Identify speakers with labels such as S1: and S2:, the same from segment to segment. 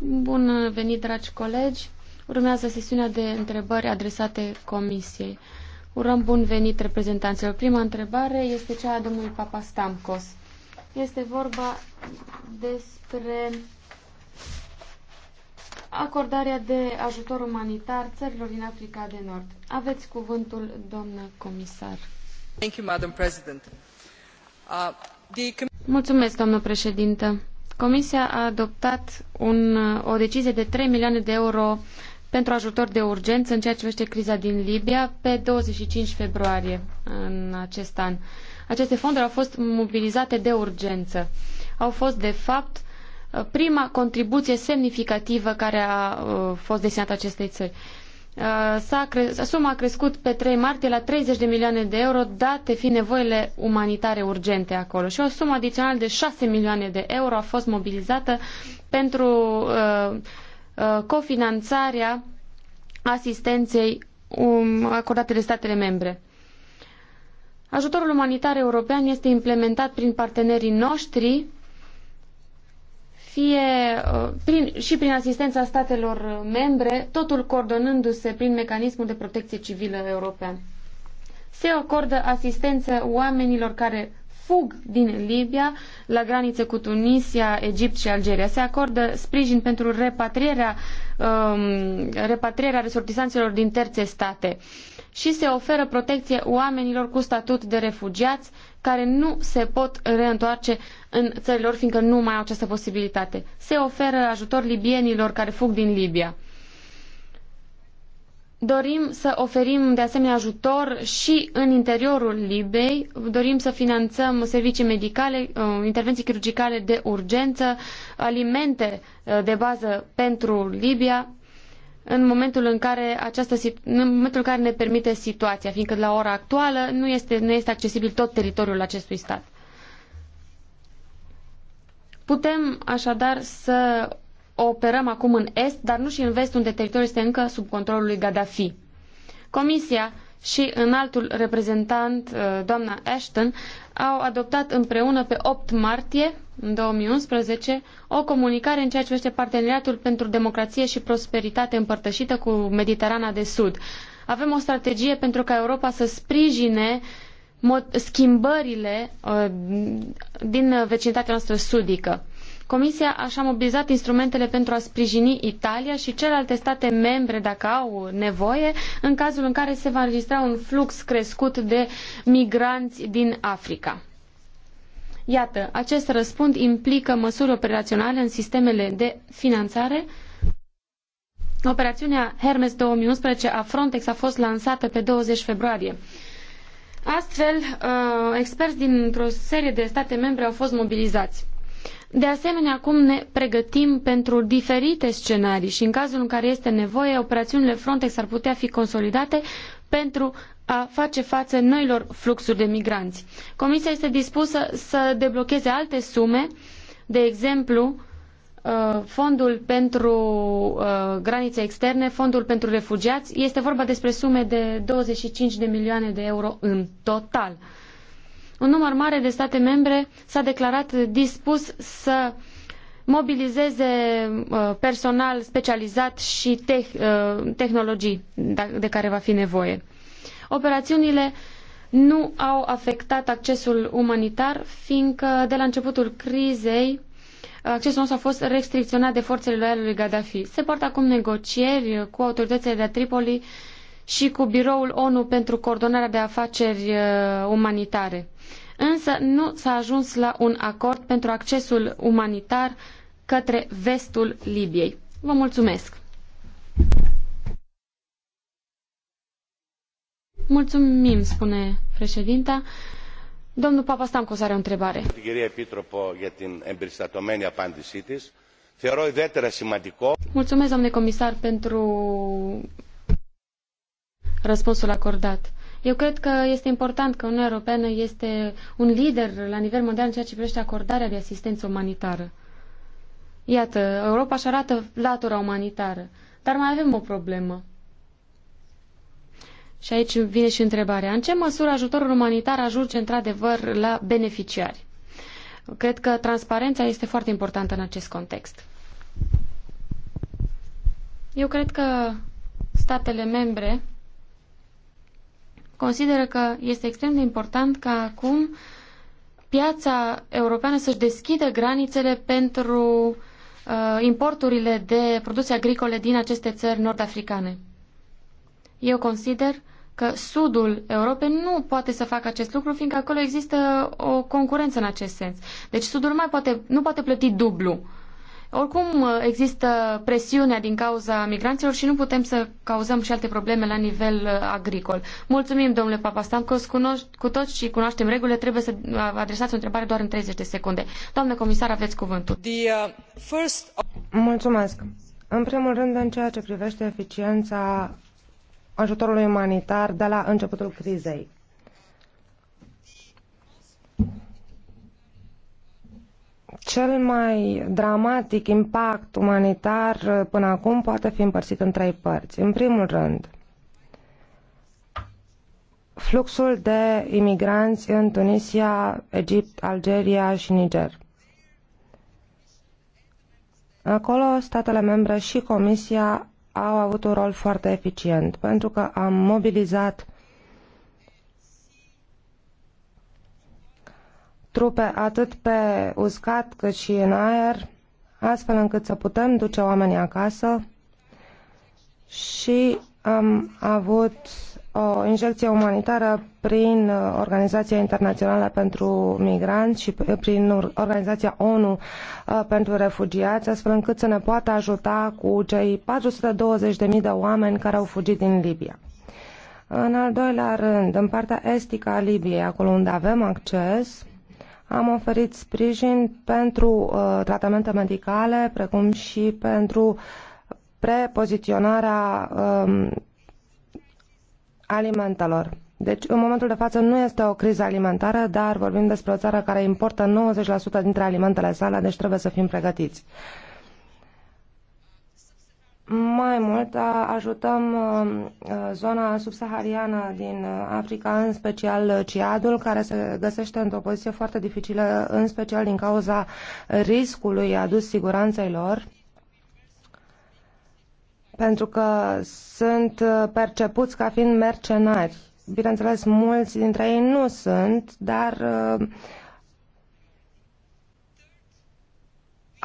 S1: Bun venit, dragi colegi. Urmează sesiunea de întrebări adresate Comisiei. Urăm bun venit reprezentanților. Prima întrebare este cea a domnului Papastamkos. Este vorba despre acordarea de ajutor umanitar țărilor din Africa de Nord. Aveți cuvântul, doamnă comisar.
S2: Thank you, Madam President. Uh, the...
S1: Mulțumesc, doamnă președintă. Comisia a adoptat un, o decizie de 3 milioane de euro pentru ajutor de urgență în ceea ce privește criza din Libia pe 25 februarie în acest an. Aceste fonduri au fost mobilizate de urgență. Au fost, de fapt, prima contribuție semnificativă care a uh, fost destinată acestei țări. Uh, s-a cre... Suma a crescut pe 3 martie la 30 de milioane de euro, date fi nevoile umanitare urgente acolo. Și o sumă adițională de 6 milioane de euro a fost mobilizată pentru uh, uh, cofinanțarea asistenței um, acordate de statele membre. Ajutorul umanitar european este implementat prin partenerii noștri fie uh, prin, și prin asistența statelor membre, totul coordonându-se prin mecanismul de protecție civilă european. Se acordă asistență oamenilor care fug din Libia la granițe cu Tunisia, Egipt și Algeria. Se acordă sprijin pentru repatrierea, um, repatrierea resortisanților din terțe state și se oferă protecție oamenilor cu statut de refugiați care nu se pot reîntoarce în țările lor, fiindcă nu mai au această posibilitate. Se oferă ajutor libienilor care fug din Libia. Dorim să oferim de asemenea ajutor și în interiorul Libiei. Dorim să finanțăm servicii medicale, uh, intervenții chirurgicale de urgență, alimente uh, de bază pentru Libia, în momentul în care această în momentul în care ne permite situația, fiindcă la ora actuală nu este, nu este accesibil tot teritoriul acestui stat. Putem așadar să operăm acum în est, dar nu și în vest, unde teritoriul este încă sub controlul lui Gaddafi. Comisia și înaltul reprezentant, uh, doamna Ashton, au adoptat împreună pe 8 martie în 2011, o comunicare în ceea ce privește parteneriatul pentru democrație și prosperitate împărtășită cu Mediterana de Sud. Avem o strategie pentru ca Europa să sprijine schimbările uh, din vecinătatea noastră sudică. Comisia așa mobilizat instrumentele pentru a sprijini Italia și celelalte state membre dacă au nevoie, în cazul în care se va înregistra un flux crescut de migranți din Africa. Iată, acest răspund implică măsuri operaționale în sistemele de finanțare. Operațiunea Hermes 2011 a Frontex a fost lansată pe 20 februarie. Astfel, uh, experți dintr-o serie de state membre au fost mobilizați. De asemenea, acum ne pregătim pentru diferite scenarii și în cazul în care este nevoie, operațiunile Frontex ar putea fi consolidate pentru a face față noilor fluxuri de migranți. Comisia este dispusă să deblocheze alte sume, de exemplu, uh, fondul pentru uh, granițe externe, fondul pentru refugiați. Este vorba despre sume de 25 de milioane de euro în total. Un număr mare de state membre s-a declarat dispus să uh, mobilizeze uh, personal specializat și uh, tehnologii da, de care va fi nevoie. Operațiunile nu au afectat accesul umanitar, fiindcă de la începutul crizei accesul nostru a fost restricționat de forțele loiale lui Gaddafi. Se poartă acum negocieri cu autoritățile de la Tripoli și cu biroul ONU pentru coordonarea de afaceri uh, umanitare însă nu s-a ajuns la un acord pentru accesul umanitar către vestul Libiei. Vă mulțumesc! Mulțumim, spune președinta. Domnul Papa Stamcos are o întrebare. Mulțumesc, domnule comisar, pentru răspunsul acordat. Eu cred că este important că Uniunea Europeană este un lider la nivel mondial în ceea ce privește acordarea de asistență umanitară. Iată, Europa își arată latura umanitară, dar mai avem o problemă. Și aici vine și întrebarea. În ce măsură ajutorul umanitar ajunge într-adevăr la beneficiari? Cred că transparența este foarte importantă în acest context. Eu cred că statele membre consideră că este extrem de important ca acum piața europeană să-și deschidă granițele pentru uh, importurile de produse agricole din aceste țări nord-africane. Eu consider că sudul Europei nu poate să facă acest lucru, fiindcă acolo există o concurență în acest sens. Deci sudul nu, mai poate, nu poate plăti dublu uh, oricum uh, există presiunea din cauza migranților și nu putem să cauzăm și alte probleme la nivel uh, agricol. Mulțumim, domnule Papastamcos, cu toți și cunoaștem regulile, trebuie să uh, adresați o întrebare doar în 30 de secunde. Doamnă comisar, aveți cuvântul. The, first... Mulțumesc. În primul rând,
S2: în ceea ce privește eficiența ajutorului umanitar de la începutul crizei. Cel mai dramatic impact umanitar uh, până acum poate fi împărțit în trei părți. În primul rând, fluxul de imigranți în Tunisia, Egipt, Algeria și Niger. Acolo, statele membre și Comisia au avut un rol foarte eficient, pentru că am mobilizat trupe atât pe uscat cât și în aer, astfel încât să putem duce oamenii acasă și am avut o injecție umanitară prin Organizația Internațională pentru Migranți și prin Organizația ONU uh, pentru Refugiați, astfel încât să ne poată ajuta cu cei 420.000 de oameni care au fugit din Libia. În al doilea rând, în partea estică a Libiei, acolo unde avem acces, am oferit sprijin pentru uh, tratamente medicale, precum și pentru prepoziționarea um, alimentelor. Deci, în momentul de față, nu este o criză alimentară, dar vorbim despre o țară care importă 90% dintre alimentele sale, deci trebuie să fim pregătiți. Mai mult ajutăm zona subsahariană din Africa, în special Ciadul, care se găsește într-o poziție foarte dificilă, în special din cauza riscului adus siguranței lor pentru că sunt percepuți ca fiind mercenari. Bineînțeles, mulți dintre ei nu sunt, dar uh,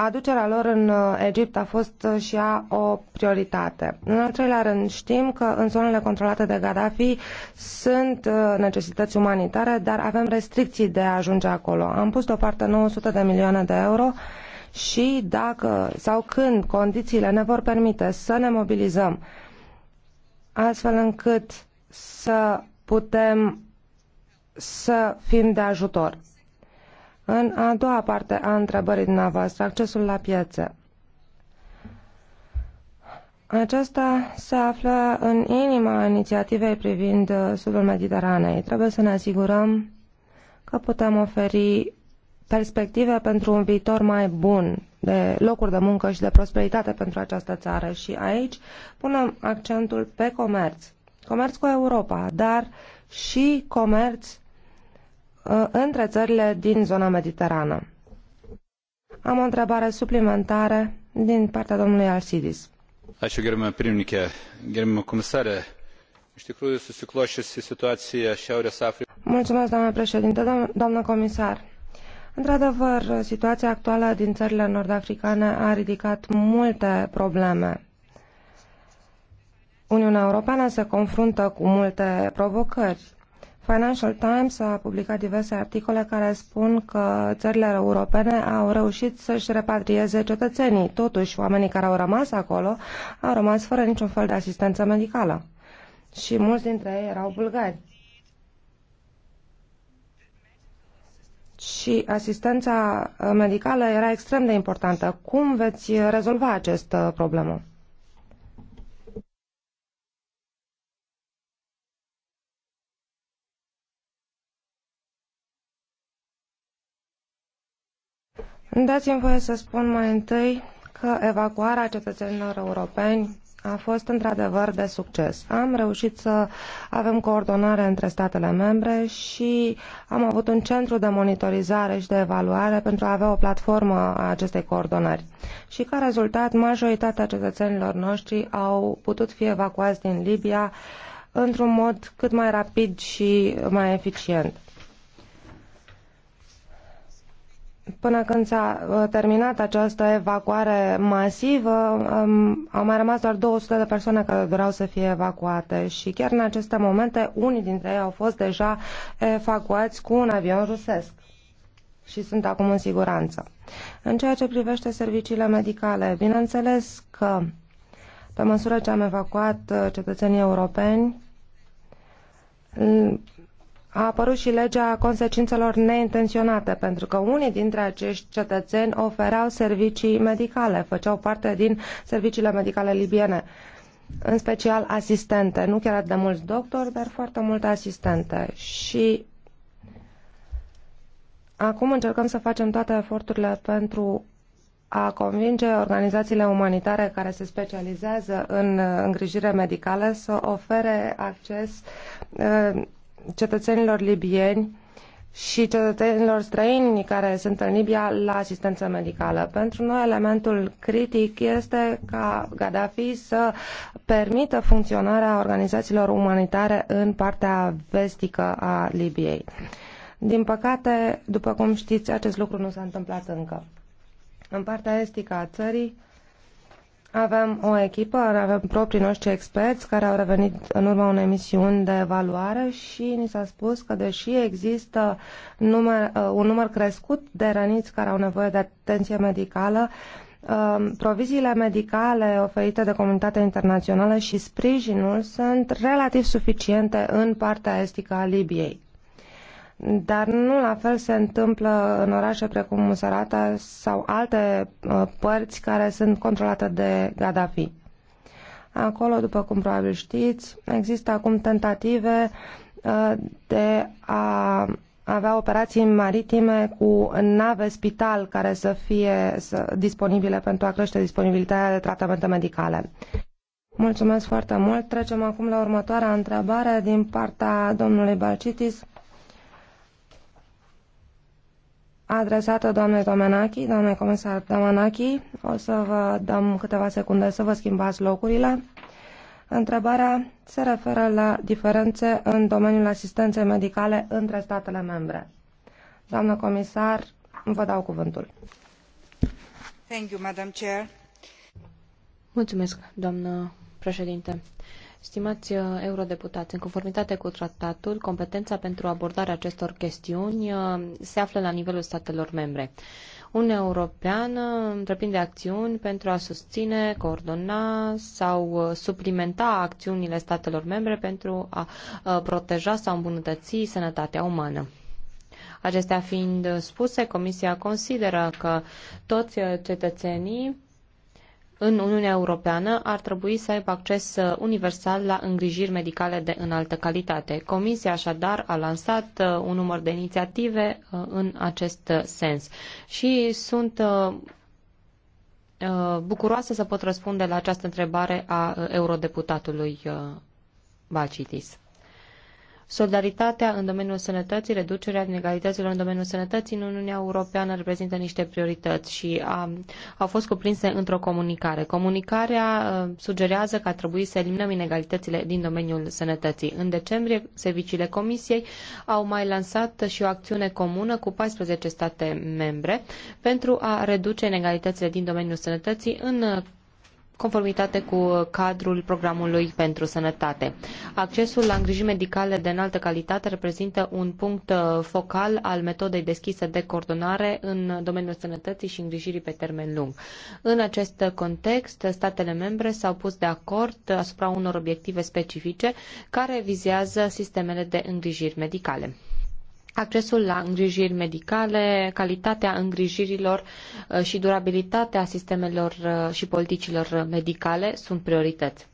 S2: aducerea lor în uh, Egipt a fost uh, și ea o prioritate. În al treilea rând, știm că în zonele controlate de Gaddafi sunt uh, necesități umanitare, dar avem restricții de a ajunge acolo. Am pus deoparte 900 de milioane de euro și dacă sau când condițiile ne vor permite să ne mobilizăm astfel încât să putem să fim de ajutor. În a doua parte a întrebării dumneavoastră, accesul la piețe. Aceasta se află în inima inițiativei privind uh, sudul Mediteranei. Trebuie să ne asigurăm că putem oferi perspective pentru un viitor mai bun de locuri de muncă și de prosperitate pentru această țară și aici punem accentul pe comerț. Comerț cu Europa, dar și comerț Uh, între țările din zona mediterană. Am o întrebare suplimentară din partea domnului Arsidis.
S1: Ačiū gerbiamą pirmininkę, gerbiamą komisarę. Iš tikrųjų susiklošiusi situacija Šiaurės Afrikoje.
S2: Mulțumesc, doamnă președinte, doamnă comisar. Într-adevăr, situația actuală din țările nord-africane a ridicat multe probleme. Uniunea Europeană se confruntă cu multe provocări Financial Times a publicat diverse articole care spun că țările europene au reușit să-și repatrieze cetățenii. Totuși, oamenii care au rămas acolo au rămas fără niciun fel de asistență medicală. Și mulți dintre ei erau bulgari. și asistența medicală era extrem de importantă. Cum veți rezolva această uh, problemă? Dați-mi voie să spun mai întâi că evacuarea cetățenilor europeni a fost într-adevăr de succes. Am reușit să avem coordonare între statele membre și am avut un centru de monitorizare și de evaluare pentru a avea o platformă a acestei coordonări. Și ca rezultat, majoritatea cetățenilor noștri au putut fi evacuați din Libia într-un mod cât mai rapid și mai eficient. până când s-a uh, terminat această evacuare masivă, um, au mai rămas doar 200 de persoane care doreau să fie evacuate și chiar în aceste momente unii dintre ei au fost deja evacuați cu un avion rusesc și sunt acum în siguranță. În ceea ce privește serviciile medicale, bineînțeles că pe măsură ce am evacuat uh, cetățenii europeni, a apărut și legea consecințelor neintenționate, pentru că unii dintre acești cetățeni ofereau servicii medicale, făceau parte din serviciile medicale libiene, în special asistente, nu chiar de mulți doctori, dar foarte multe asistente. Și acum încercăm să facem toate eforturile pentru a convinge organizațiile umanitare care se specializează în uh, îngrijire medicală să ofere acces uh, cetățenilor libieni și cetățenilor străini care sunt în Libia la asistență medicală. Pentru noi elementul critic este ca Gaddafi să permită funcționarea organizațiilor umanitare în partea vestică a Libiei. Din păcate, după cum știți, acest lucru nu s-a întâmplat încă. În partea estică a țării, avem o echipă, avem proprii noștri experți care au revenit în urma unei misiuni de evaluare și ni s-a spus că deși există număr, uh, un număr crescut de răniți care au nevoie de atenție medicală, um, proviziile medicale oferite de comunitatea internațională și sprijinul sunt relativ suficiente în partea estică a Libiei dar nu la fel se întâmplă în orașe precum Musarata sau alte uh, părți care sunt controlate de Gaddafi. Acolo, după cum probabil știți, există acum tentative uh, de a avea operații maritime cu nave spital care să fie disponibile pentru a crește disponibilitatea de tratamente medicale. Mulțumesc foarte mult. Trecem acum la următoarea întrebare din partea domnului Balcitis adresată doamnei Domenachi. doamnei comisar Domenachi, O să vă dăm câteva secunde să vă schimbați locurile. Întrebarea se referă la diferențe în domeniul asistenței medicale între statele membre. Doamnă comisar, vă dau cuvântul. Thank you, Madam Chair.
S3: Mulțumesc, doamnă președinte. Stimați uh, eurodeputați, în conformitate cu tratatul, competența pentru abordarea acestor chestiuni uh, se află la nivelul statelor membre. Uniunea Europeană întreprinde acțiuni pentru a susține, coordona sau uh, suplimenta acțiunile statelor membre pentru a proteja sau îmbunătăți sănătatea umană. Acestea fiind spuse, Comisia consideră că toți cetățenii în Uniunea Europeană ar trebui să aibă acces uh, universal la îngrijiri medicale de înaltă calitate. Comisia așadar a lansat uh, un număr de inițiative uh, în acest sens și sunt bucuroasă să pot răspunde la această întrebare a eurodeputatului Bacitis. Solidaritatea în domeniul sănătății, reducerea inegalităților în domeniul sănătății în Uniunea Europeană reprezintă niște priorități și a, au fost cuprinse într-o comunicare. Comunicarea sugerează că ar trebui să eliminăm inegalitățile din domeniul sănătății. În decembrie, serviciile Comisiei au mai lansat și o acțiune comună cu 14 state membre pentru a reduce inegalitățile din domeniul sănătății în conformitate cu cadrul programului pentru sănătate. Accesul la îngrijiri medicale de înaltă calitate reprezintă un punct uh, focal al metodei deschise de coordonare în domeniul sănătății și îngrijirii pe termen lung. În acest context, statele membre s-au pus de acord asupra unor obiective specifice care vizează sistemele de îngrijiri medicale accesul la îngrijiri medicale, calitatea îngrijirilor uh, și durabilitatea sistemelor uh, și politicilor medicale sunt priorități.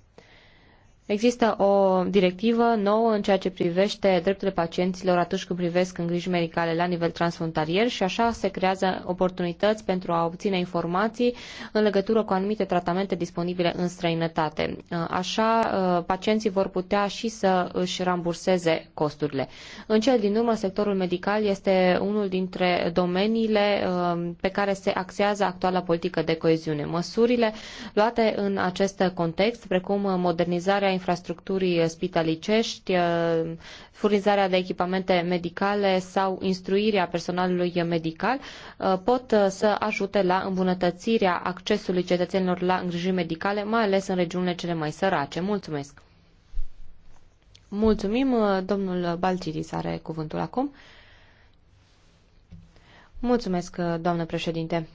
S3: Există o directivă nouă în ceea ce privește drepturile pacienților atunci când privesc îngrijiri medicale la nivel transfrontalier și așa se creează oportunități pentru a obține informații în legătură cu anumite tratamente disponibile în străinătate. Uh, așa, uh, pacienții vor putea și să își ramburseze costurile. În cel din urmă, sectorul medical este unul dintre domeniile uh, pe care se axează actuala politică de coeziune. Măsurile luate în acest context, precum modernizarea infrastructurii spitalicești, uh, furnizarea de echipamente medicale sau instruirea personalului medical uh, pot uh, să ajute la îmbunătățirea accesului cetățenilor la îngrijiri medicale, mai ales în regiunile cele mai sărace. Mulțumesc! Mulțumim, domnul Balciris are cuvântul acum. Mulțumesc, doamnă președinte.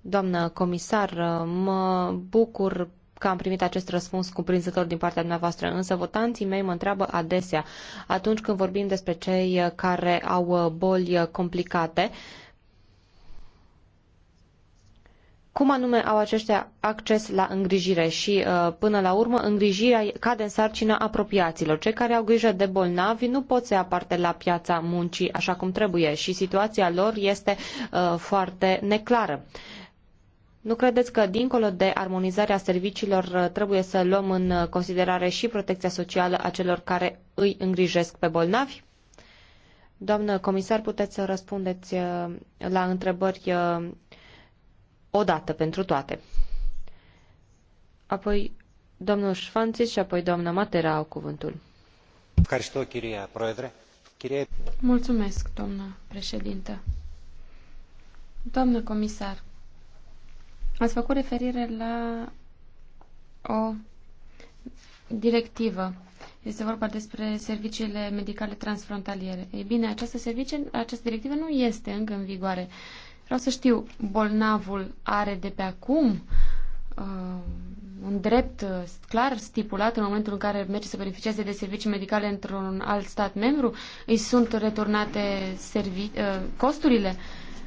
S3: Doamnă comisar, mă bucur că am primit acest răspuns cuprinzător din partea dumneavoastră, însă votanții mei mă întreabă adesea, atunci când vorbim despre cei care au uh, boli uh, complicate, cum anume au aceștia acces la îngrijire și, uh, până la urmă, îngrijirea cade în sarcina apropiaților. Cei care au grijă de bolnavi nu pot să aparte la piața muncii așa cum trebuie și situația lor este foarte neclară. Nu credeți că, dincolo de armonizarea serviciilor, uh, trebuie să luăm în uh, considerare și protecția socială a celor care îi îngrijesc pe bolnavi? Doamnă comisar, puteți să răspundeți uh, la întrebări odată pentru toate. Apoi domnul Șfanțis și apoi doamna Matera au cuvântul.
S1: Mulțumesc, doamnă președintă. Doamnă comisar, Ați făcut referire la o directivă. Este vorba despre serviciile medicale transfrontaliere. Ei bine, această, servicie, această directivă nu este încă în vigoare. Vreau să știu, bolnavul are de pe acum uh, un drept uh, clar stipulat în momentul în care merge să beneficieze de servicii medicale într-un alt stat membru? Îi sunt returnate servi- uh, costurile? Uh,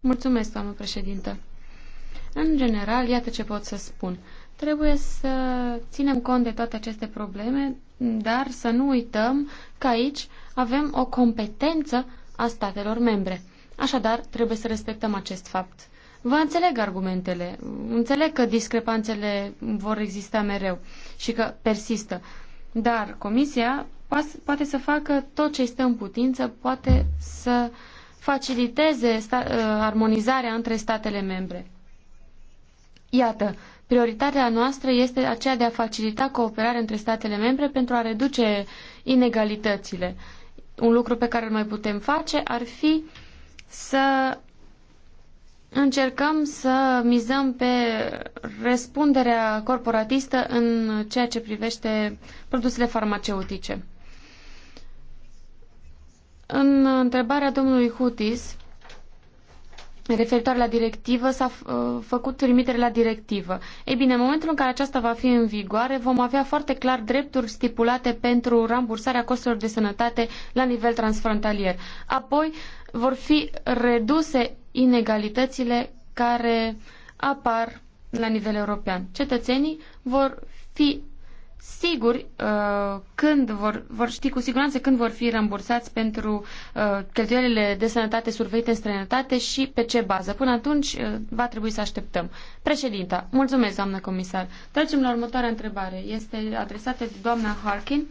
S1: Mulțumesc, doamnă președintă. În general, iată ce pot să spun. Trebuie să ținem cont de toate aceste probleme, dar să nu uităm că aici avem o competență a statelor membre. Așadar, trebuie să respectăm acest fapt. Vă înțeleg argumentele, înțeleg că discrepanțele vor exista mereu și că persistă, dar Comisia poate să facă tot ce este în putință, poate să faciliteze uh, armonizarea între statele membre. Iată, prioritatea noastră este aceea de a facilita cooperarea între statele membre pentru a reduce inegalitățile. Un lucru pe care îl mai putem face ar fi să încercăm să mizăm pe răspunderea corporatistă în ceea ce privește produsele farmaceutice. În întrebarea domnului Hutis, referitoare la directivă, s-a uh, făcut trimitere la directivă. Ei bine, în momentul în care aceasta va fi în vigoare, vom avea foarte clar drepturi stipulate pentru rambursarea costurilor de sănătate la nivel transfrontalier. Apoi vor fi reduse inegalitățile care apar la nivel european. Cetățenii vor fi Sigur, uh, când vor, vor ști cu siguranță când vor fi rambursați pentru uh, cheltuielile de sănătate survenite în străinătate și pe ce bază. Până atunci uh, va trebui să așteptăm. Președinta, mulțumesc, doamnă comisar. Trecem la următoarea întrebare. Este adresată de doamna Harkin.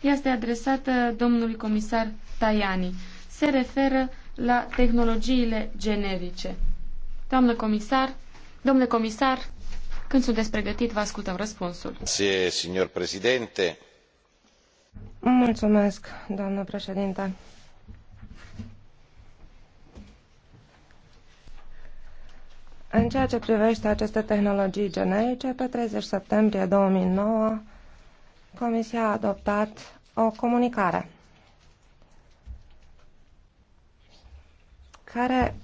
S1: Este adresată domnului comisar Tajani. Se referă la tehnologiile generice. Doamnă comisar, domnule comisar, când sunteți pregătit, vă ascultăm răspunsul.
S3: Signor președinte.
S2: Mulțumesc, doamnă președinte. În ceea ce privește aceste tehnologii generice, pe 30 septembrie 2009, Comisia a adoptat o comunicare care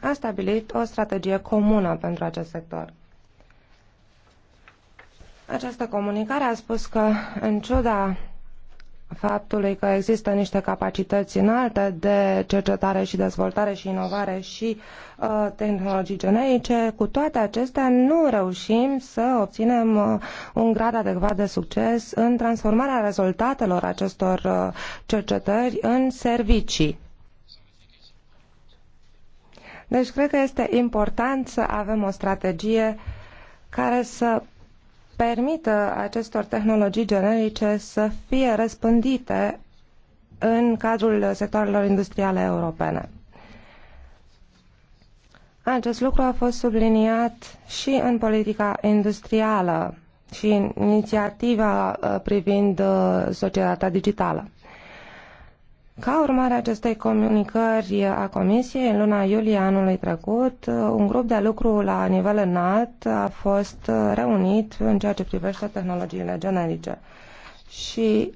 S2: a stabilit o strategie comună pentru acest sector. Această comunicare a spus că, în ciuda faptului că există niște capacități înalte de cercetare și dezvoltare și inovare și uh, tehnologii generice, cu toate acestea nu reușim să obținem uh, un grad adecvat de succes în transformarea rezultatelor acestor uh, cercetări în servicii. Deci cred că este important să avem o strategie care să permită acestor tehnologii generice să fie răspândite în cadrul sectoarelor industriale europene. Acest lucru a fost subliniat și în politica industrială și în inițiativa uh, privind uh, societatea digitală. Ca urmare a acestei comunicări a Comisiei, în luna iulie anului trecut, un grup de lucru la nivel înalt a fost reunit în ceea ce privește tehnologiile generice. Și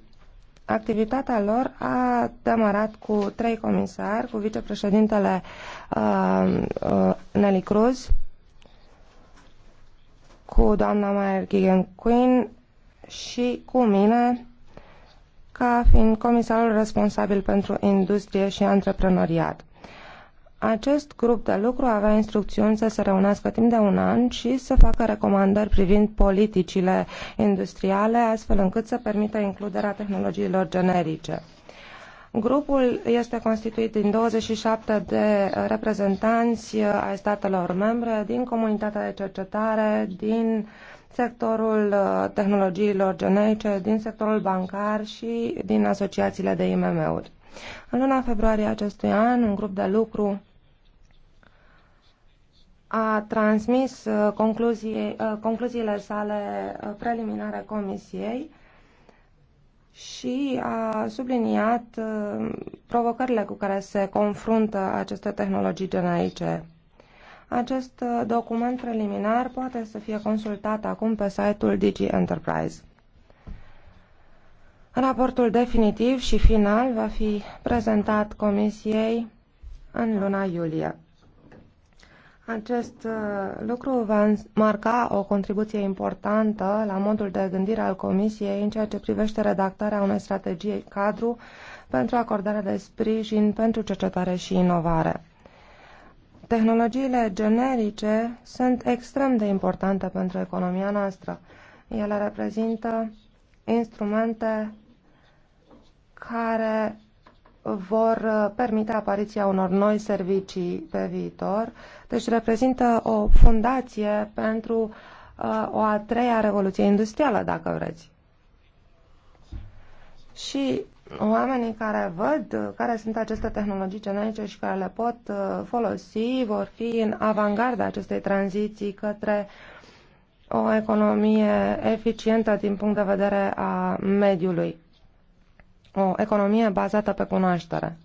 S2: activitatea lor a demarat cu trei comisari, cu vicepreședintele uh, uh, Nelly Cruz, cu doamna Mayer Gigan Quinn și cu mine, ca fiind comisarul responsabil pentru industrie și antreprenoriat. Acest grup de lucru avea instrucțiuni să se reunească timp de un an și să facă recomandări privind politicile industriale, astfel încât să permită includerea tehnologiilor generice. Grupul este constituit din 27 de reprezentanți ai statelor membre, din comunitatea de cercetare, din uh, sectorul uh, tehnologiilor generice, din sectorul bancar și din asociațiile de IMM-uri. În luna februarie acestui an, un grup de lucru a transmis uh, concluzii, uh, concluziile sale preliminare Comisiei și a subliniat provocările cu care se confruntă aceste tehnologii generice acest uh, document preliminar poate să fie consultat acum pe site-ul Digi Enterprise. Raportul definitiv și final va fi prezentat Comisiei în luna iulie. Acest uh, lucru va marca o contribuție importantă la modul de gândire al Comisiei în ceea ce privește redactarea unei strategii cadru pentru acordarea de sprijin pentru cercetare și inovare tehnologiile generice sunt extrem de importante pentru economia noastră. Ele reprezintă instrumente care vor permite apariția unor noi servicii pe viitor. Deci reprezintă o fundație pentru uh, o a treia revoluție industrială, dacă vreți. Și Oamenii care văd care sunt aceste tehnologii genetice și care le pot uh, folosi vor fi în avangarda acestei tranziții către o economie eficientă din punct de vedere a mediului, o economie bazată pe cunoaștere.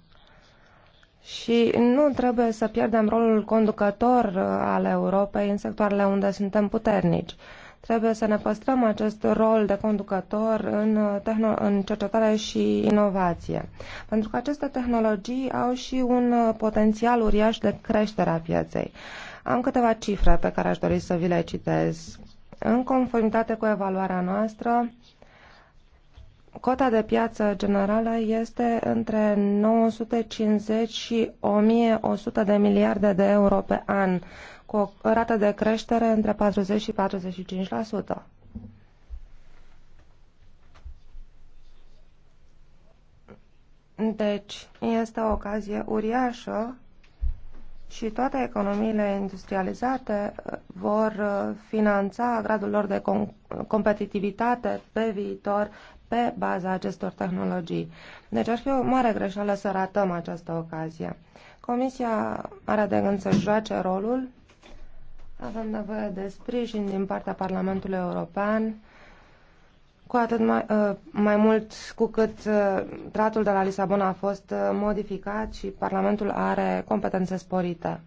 S2: Și nu trebuie să pierdem rolul conducător uh, al Europei în sectoarele unde suntem puternici. Uh, Trebuie să ne păstrăm acest rol de conducător în, uh, tehno- în cercetare și inovație, pentru că aceste tehnologii au și un uh, potențial uriaș de creștere a pieței. Am câteva cifre pe care aș dori să vi le citez. În conformitate cu evaluarea noastră, cota de piață generală este între 950 și 1100 de miliarde de euro pe an cu o rată de creștere între 40 și 45%. Deci, este o ocazie uriașă și toate economiile industrializate uh, vor uh, finanța gradul lor de competitivitate pe viitor pe baza acestor tehnologii. Deci ar fi o mare greșeală să ratăm această ocazie. Comisia are de gând să joace rolul avem nevoie de sprijin din partea Parlamentului European, cu atât mai, uh, mai mult cu cât uh, tratul de la Lisabona a fost uh, modificat și Parlamentul are competențe sporite.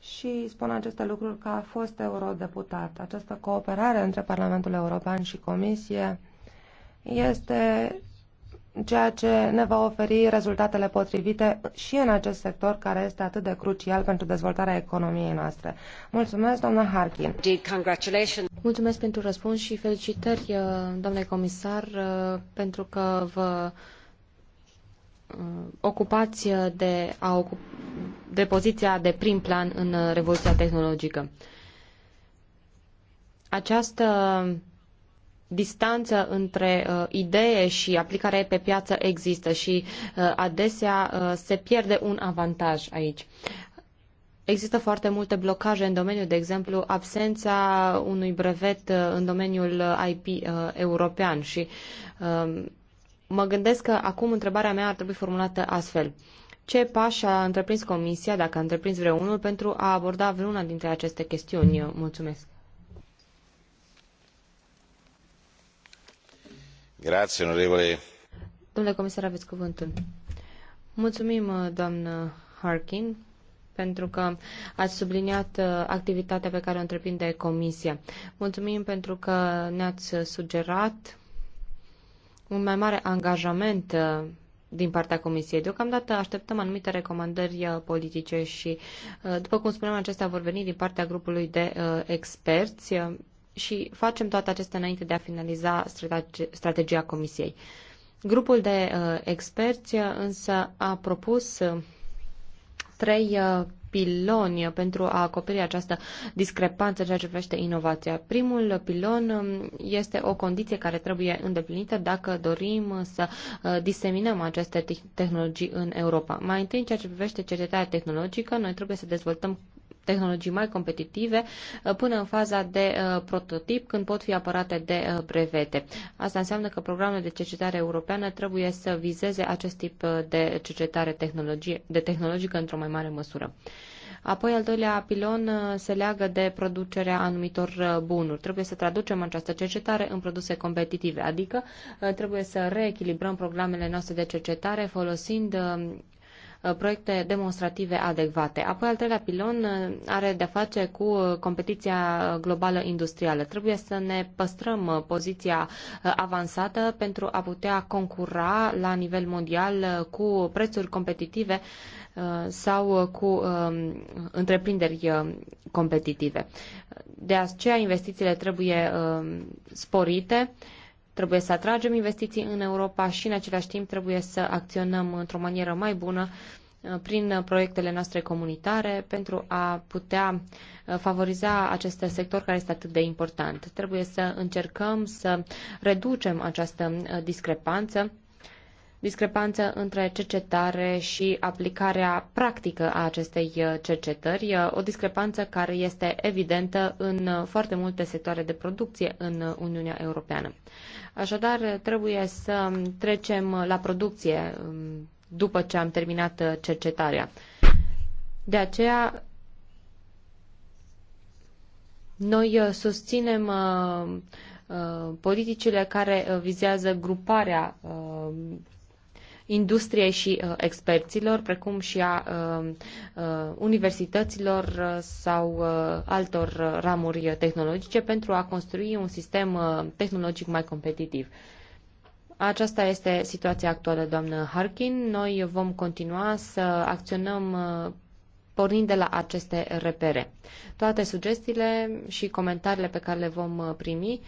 S2: Și spun aceste lucruri că a fost eurodeputat. Această cooperare între Parlamentul European și Comisie este ceea ce ne va oferi rezultatele potrivite și în acest sector care este atât de crucial pentru dezvoltarea economiei noastre. Mulțumesc, doamna
S3: Harkin. Mulțumesc pentru răspuns și felicitări, uh, domnule comisar, uh, pentru că vă uh, ocupați de, a ocup de poziția de prim plan în revoluția tehnologică. Această distanță între uh, idee și aplicare pe piață există și uh, adesea uh, se pierde un avantaj aici. Există foarte multe blocaje în domeniu, de exemplu, absența unui brevet uh, în domeniul uh, IP uh, european și um, mă gândesc că acum întrebarea mea ar trebui formulată astfel. Ce pași a întreprins Comisia, dacă a întreprins vreunul, pentru a aborda vreuna dintre aceste chestiuni? Eu mulțumesc. Grazie, comisar, Mulțumim, uh, doamnă Harkin, pentru că ați subliniat uh, activitatea pe care o întreprinde Comisia. Mulțumim pentru că ne-ați sugerat un mai mare angajament uh, din partea Comisiei. Deocamdată așteptăm anumite recomandări politice și, după cum spuneam, acestea vor veni din partea grupului de experți și facem toate acestea înainte de a finaliza strategia Comisiei. Grupul de uh, experți uh, însă a propus uh, trei uh, piloni pentru a acoperi această discrepanță în ceea ce privește inovația. Primul pilon um, este o condiție care trebuie îndeplinită dacă dorim să diseminăm aceste tehnologii în Europa. Mai întâi, în ceea ce privește cercetarea tehnologică, noi trebuie să dezvoltăm tehnologii mai competitive uh, până în faza de uh, prototip, când pot fi apărate de uh, brevete. Asta înseamnă că programele de cercetare europeană trebuie să vizeze acest tip de cercetare tehnologie, de tehnologică într-o mai mare măsură. Apoi, al doilea pilon se leagă de producerea anumitor bunuri. Trebuie să traducem această cercetare în produse competitive, adică trebuie să reechilibrăm programele noastre de cercetare folosind Uh, proiecte demonstrative adecvate. Apoi, al treilea pilon uh, are de-a face cu uh, competiția globală industrială. Trebuie să ne păstrăm poziția avansată pentru a putea concura la nivel mondial cu prețuri competitive sau cu um, întreprinderi competitive. De aceea, investițiile trebuie um, sporite Trebuie să atragem investiții în Europa și în același timp trebuie să acționăm într-o manieră mai bună uh, prin proiectele noastre comunitare pentru a putea uh, favoriza acest sector care este atât de important. Trebuie să încercăm să reducem această uh, discrepanță discrepanță între cercetare și aplicarea practică a acestei cercetări, o discrepanță care este evidentă în foarte multe sectoare de producție în Uniunea Europeană. Așadar, trebuie să trecem la producție um, după ce am terminat cercetarea. De aceea, noi uh, susținem uh, uh, politicile care vizează gruparea industriei și uh, experților, precum și a uh, uh universităților uh, sau uh, altor uh, ramuri tehnologice pentru a construi un sistem uh, tehnologic mai competitiv. Aceasta este situația actuală, doamnă Harkin. Noi vom continua să acționăm pornind de la aceste repere. Toate sugestiile și comentariile pe care le vom primi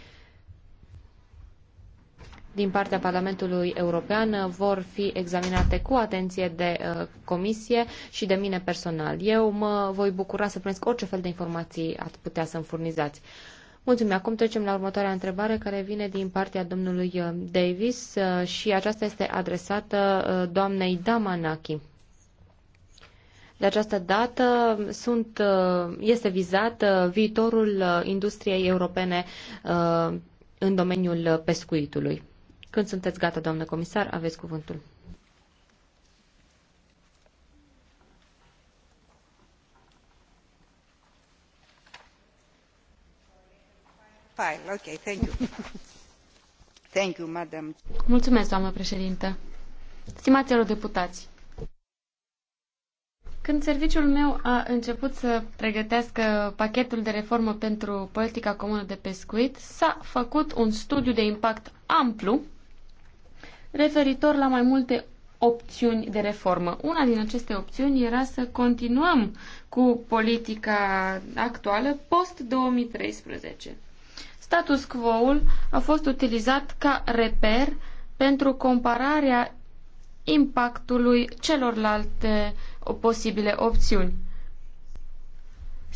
S3: din partea Parlamentului European vor fi examinate cu atenție de uh, comisie și de mine personal. Eu mă voi bucura să primesc orice fel de informații ați putea să-mi furnizați. Mulțumim. Acum trecem la următoarea întrebare care vine din partea domnului uh, Davis uh, și aceasta este adresată doamnei Damanaki. De această dată sunt, este vizat viitorul industriei europene în domeniul pescuitului. Când sunteți gata, doamnă comisar, aveți cuvântul.
S2: Fine, okay, thank you. Thank you, madam.
S1: Mulțumesc, doamnă președintă. Stimați deputați, când serviciul meu a început să pregătească pachetul de reformă pentru politica comună de pescuit, s-a făcut un studiu de impact amplu referitor la mai multe opțiuni de reformă. Una din aceste opțiuni era să continuăm cu politica actuală post-2013. Status quo-ul a fost utilizat ca reper pentru compararea impactului celorlalte posibile opțiuni.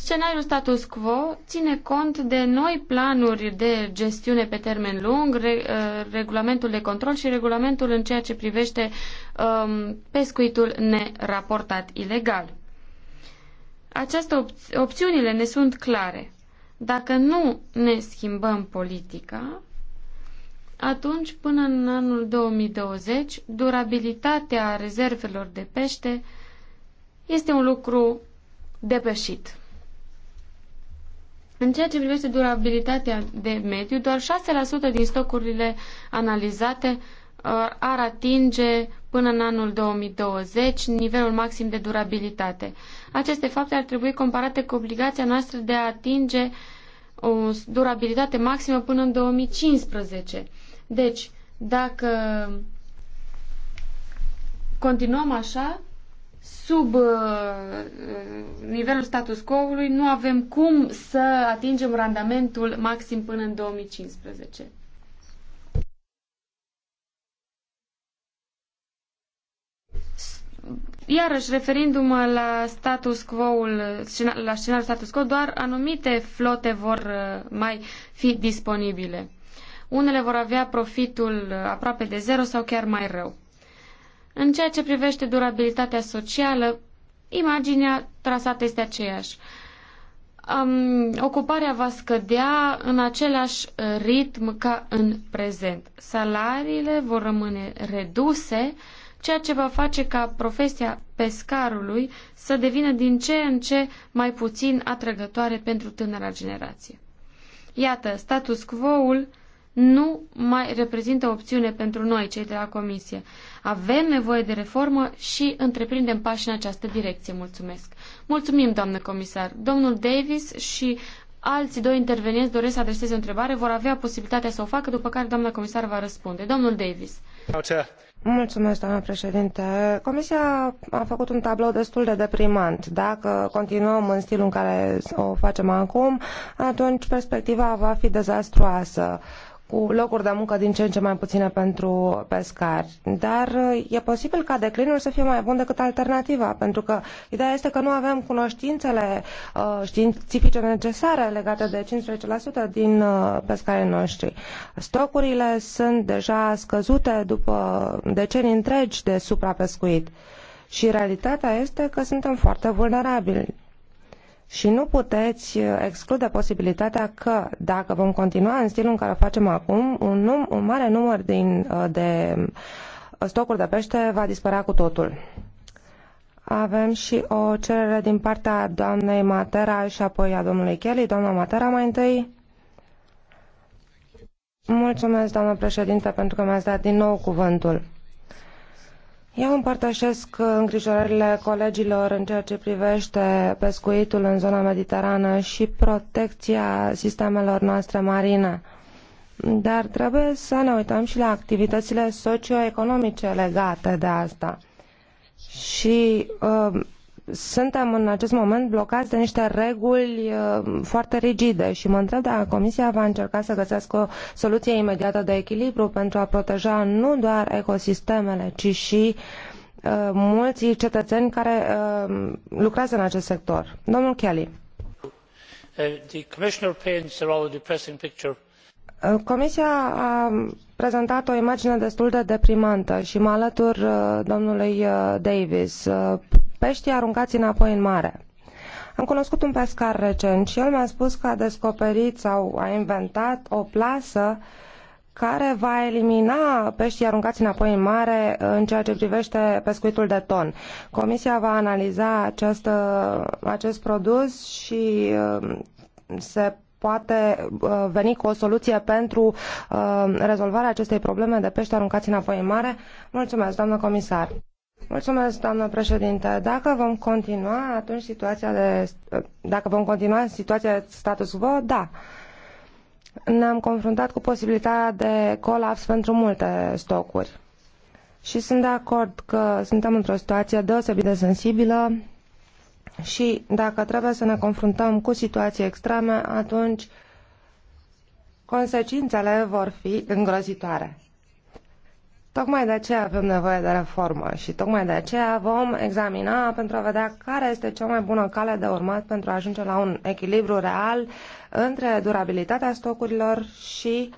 S1: Scenariul status quo ține cont de noi planuri de gestiune pe termen lung, re, uh, regulamentul de control și regulamentul în ceea ce privește um, pescuitul neraportat ilegal. Aceste op- opțiunile ne sunt clare. Dacă nu ne schimbăm politica, atunci, până în anul 2020, durabilitatea rezervelor de pește este un lucru depășit. În ceea ce privește durabilitatea de mediu, doar 6% din stocurile analizate uh, ar atinge până în anul 2020 nivelul maxim de durabilitate. Aceste fapte ar trebui comparate cu obligația noastră de a atinge o durabilitate maximă până în 2015. Deci, dacă continuăm așa, sub uh, nivelul status quo-ului nu avem cum să atingem randamentul maxim până în 2015. Iarăși, referindu-mă la status quo-ul, la scenariul status quo, doar anumite flote vor uh, mai fi disponibile. Unele vor avea profitul uh, aproape de zero sau chiar mai rău. În ceea ce privește durabilitatea socială, imaginea trasată este aceeași. Um, ocuparea va scădea în același ritm ca în prezent. Salariile vor rămâne reduse, ceea ce va face ca profesia pescarului să devină din ce în ce mai puțin atrăgătoare pentru tânăra generație. Iată, status quo-ul nu mai reprezintă opțiune pentru noi, cei de la Comisie. Avem nevoie de reformă și întreprindem pași în această direcție. Mulțumesc. Mulțumim, doamnă comisar. Domnul Davis și alții doi intervenienți doresc să adreseze o întrebare, vor avea posibilitatea să o facă, după care doamna comisar va răspunde. Domnul Davis.
S2: Mulțumesc, doamna președinte. Comisia a făcut un tablou destul de deprimant. Dacă continuăm în stilul în care o facem acum, atunci perspectiva va fi dezastruoasă cu locuri de muncă din ce în ce mai puține pentru pescari. Dar e posibil ca declinul să fie mai bun decât alternativa, pentru că ideea este că nu avem cunoștințele uh, științifice necesare legate de 15% din uh, pescarii noștri. Stocurile sunt deja scăzute după decenii întregi de suprapescuit. Și realitatea este că suntem foarte vulnerabili. Și nu puteți uh, exclude posibilitatea că, dacă vom continua în stilul în care facem acum, un, num, un mare număr din, uh, de uh, stocuri de pește va dispărea cu totul. Avem și o cerere din partea doamnei Matera și apoi a domnului Kelly. Doamna Matera mai întâi. Mulțumesc, doamnă președinte, pentru că mi-ați dat din nou cuvântul. Eu împărtășesc îngrijorările colegilor în ceea ce privește pescuitul în zona mediterană și protecția sistemelor noastre marine. Dar trebuie să ne uităm și la activitățile socioeconomice legate de asta. Și uh, suntem în acest moment blocați de niște reguli uh, foarte rigide și mă întreb dacă Comisia va încerca să găsească o soluție imediată de echilibru pentru a proteja nu doar ecosistemele, ci și uh, mulți cetățeni care
S1: uh, lucrează
S2: în acest sector. Domnul Kelly.
S1: the commissioner paints a rather depressing picture
S2: Comisia a prezentat o imagine destul de deprimantă și mă alătur uh, domnului uh, Davis. Uh, peștii aruncați înapoi în mare. Am cunoscut un pescar recent și el mi-a spus că a descoperit sau a inventat o plasă care va elimina peștii aruncați înapoi în mare în ceea ce privește pescuitul de ton. Comisia va analiza această, acest produs și se poate uh, veni cu o soluție pentru uh, rezolvarea acestei probleme de pești aruncați înapoi în mare? Mulțumesc, doamnă comisar. Mulțumesc, doamnă președinte. Dacă vom continua, atunci situația de, uh, dacă vom continua situația de status quo, da. Ne-am confruntat cu posibilitatea de colaps pentru multe stocuri. Și sunt de acord că suntem într-o situație deosebit de sensibilă și dacă trebuie să ne confruntăm cu situații extreme, atunci consecințele vor fi îngrozitoare. Tocmai de aceea avem nevoie de reformă și tocmai de aceea vom examina pentru a vedea care este cea mai bună cale de urmat pentru a ajunge la un echilibru real între durabilitatea stocurilor și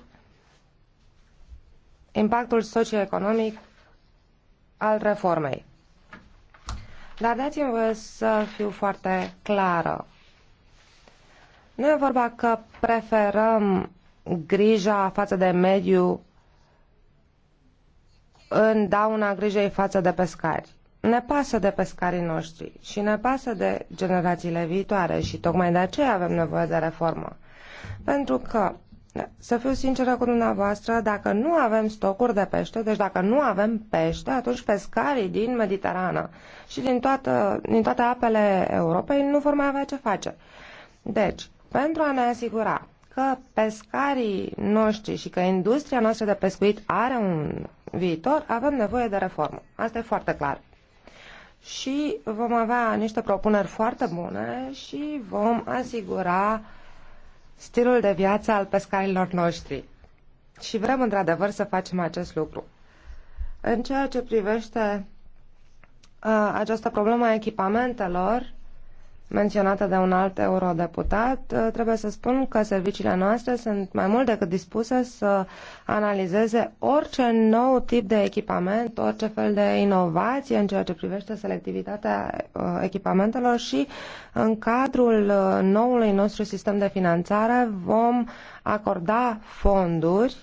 S2: impactul socioeconomic al reformei. Dar dați-mi voie să fiu foarte clară. Nu e vorba că preferăm grija față de mediu în dauna grijei față de pescari. Ne pasă de pescarii noștri și ne pasă de generațiile viitoare și tocmai de aceea avem nevoie de reformă. Pentru că să fiu sinceră cu dumneavoastră, dacă nu avem stocuri de pește, deci dacă nu avem pește, atunci pescarii din Mediterana și din, toată, din toate apele Europei nu vor mai avea ce face. Deci, pentru a ne asigura că pescarii noștri și că industria noastră de pescuit are un viitor, avem nevoie de reformă. Asta e foarte clar. Și vom avea niște propuneri foarte bune și vom asigura uh, stilul de viață al pescarilor noștri. Și vrem într-adevăr să facem acest lucru. În ceea ce privește uh, această problemă a echipamentelor, menționată de un alt eurodeputat, uh, trebuie să spun că serviciile noastre sunt mai mult decât dispuse să analizeze orice nou tip de echipament, orice fel de inovație în ceea ce privește selectivitatea uh, echipamentelor și în cadrul uh, noului nostru sistem de finanțare vom acorda fonduri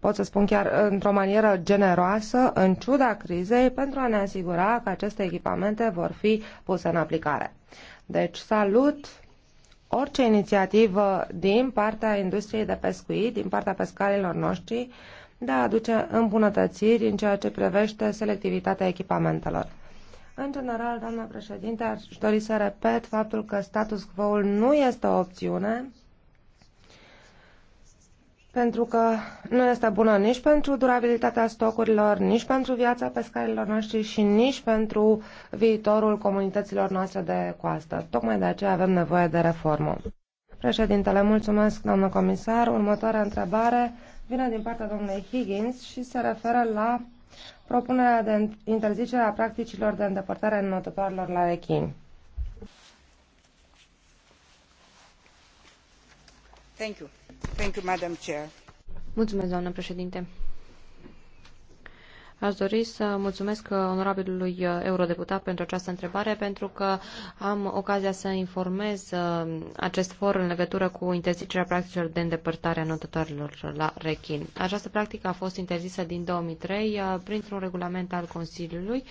S2: pot să spun chiar într-o manieră generoasă, în ciuda crizei, pentru a ne asigura că aceste echipamente vor fi puse în aplicare. Deci salut orice inițiativă din partea industriei de pescuit, din partea pescarilor noștri, de a aduce îmbunătățiri în ceea ce privește selectivitatea echipamentelor. În general, doamna președinte, aș dori să repet faptul că status quo-ul nu este o opțiune, pentru că nu este bună nici pentru durabilitatea stocurilor, nici pentru viața pescarilor noștri și nici pentru viitorul comunităților noastre de coastă. Tocmai de aceea avem nevoie de reformă. Președintele, mulțumesc, doamnă comisar. Următoarea întrebare vine din partea domnului Higgins și se referă la propunerea de interzicere a practicilor de îndepărtare în notătoarelor
S3: la rechini. Thank you. Mulțumesc, doamnă președinte. Aș dori să mulțumesc onorabilului eurodeputat pentru această întrebare, pentru că am ocazia să informez uh, acest for în legătură cu interzicerea practicilor de îndepărtare a notătorilor la rechin. Această practică a fost interzisă din 2003 uh, printr-un regulament al Consiliului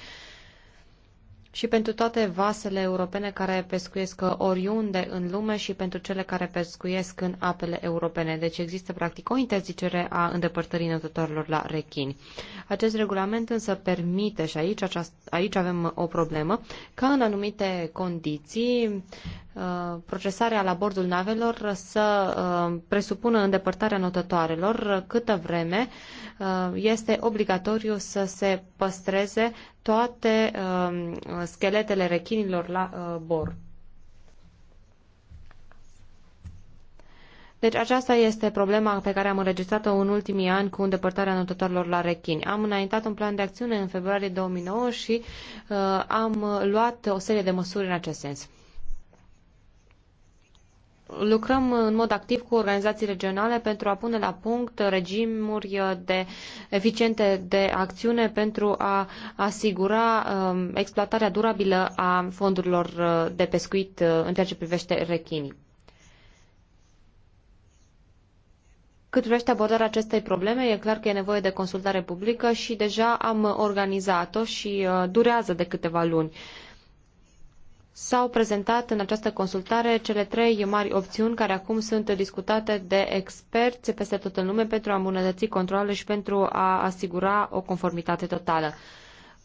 S3: și pentru toate vasele europene care pescuiesc oriunde în lume și pentru cele care pescuiesc în apele europene. Deci există practic o interzicere a îndepărtării nătătorilor la rechini. Acest regulament însă permite, și aici, aceast, aici avem o problemă, ca în anumite condiții uh, procesarea la bordul navelor să uh, presupună îndepărtarea notătoarelor câtă vreme uh, este obligatoriu să se păstreze toate scheletele rechinilor la uh, bor. Deci aceasta este problema pe care am înregistrat-o în ultimii ani cu îndepărtarea notătorilor la rechini. Am înaintat un plan de acțiune în februarie 2009 și uh, am luat o serie de măsuri în acest sens lucrăm în mod activ cu organizații regionale pentru a pune la punct regimuri de eficiente de acțiune pentru a asigura um, exploatarea durabilă a fondurilor uh, de pescuit uh, în ceea ce privește rechinii. Cât privește abordarea acestei probleme, e clar că e nevoie de consultare publică și deja am organizat-o și uh, durează de câteva luni. Uh, S-au prezentat în această consultare cele trei mari opțiuni care acum sunt discutate de experți peste tot în lume pentru a îmbunătăți controlele și pentru a asigura o conformitate totală.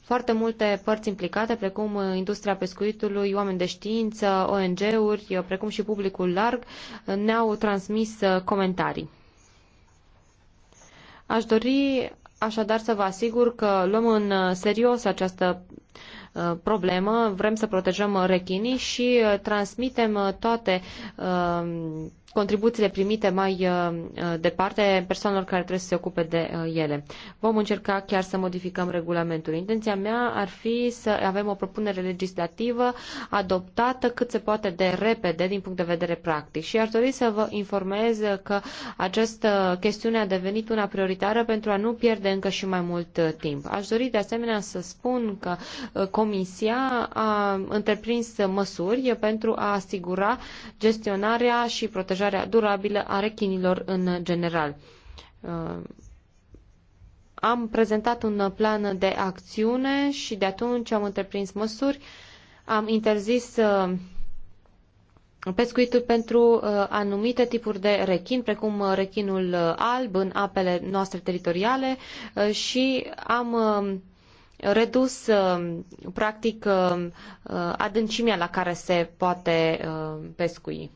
S3: Foarte multe părți implicate, precum industria pescuitului, oameni de știință, ONG-uri, precum și publicul larg, ne-au transmis comentarii. Aș dori așadar să vă asigur că luăm în serios această uh, Uh, problemă, vrem să protejăm rechinii și uh, transmitem uh, toate contribuțiile primite mai uh, uh, departe persoanelor care trebuie să se ocupe de uh, ele. Vom încerca chiar să modificăm regulamentul. Intenția mea ar fi să avem o propunere legislativă adoptată cât se poate de repede din punct de vedere practic și ar dori să vă informez că această chestiune a devenit una prioritară pentru a nu pierde încă și mai mult timp. Aș dori de asemenea să spun că Comisia a întreprins măsuri pentru a asigura gestionarea și protejarea protejarea durabilă a rechinilor în general. Uh, am prezentat un plan de acțiune și de atunci am întreprins măsuri. Am interzis uh, pescuitul pentru uh, anumite tipuri de rechin, precum rechinul alb în apele noastre teritoriale și am redus practic adâncimea la care se poate pescui.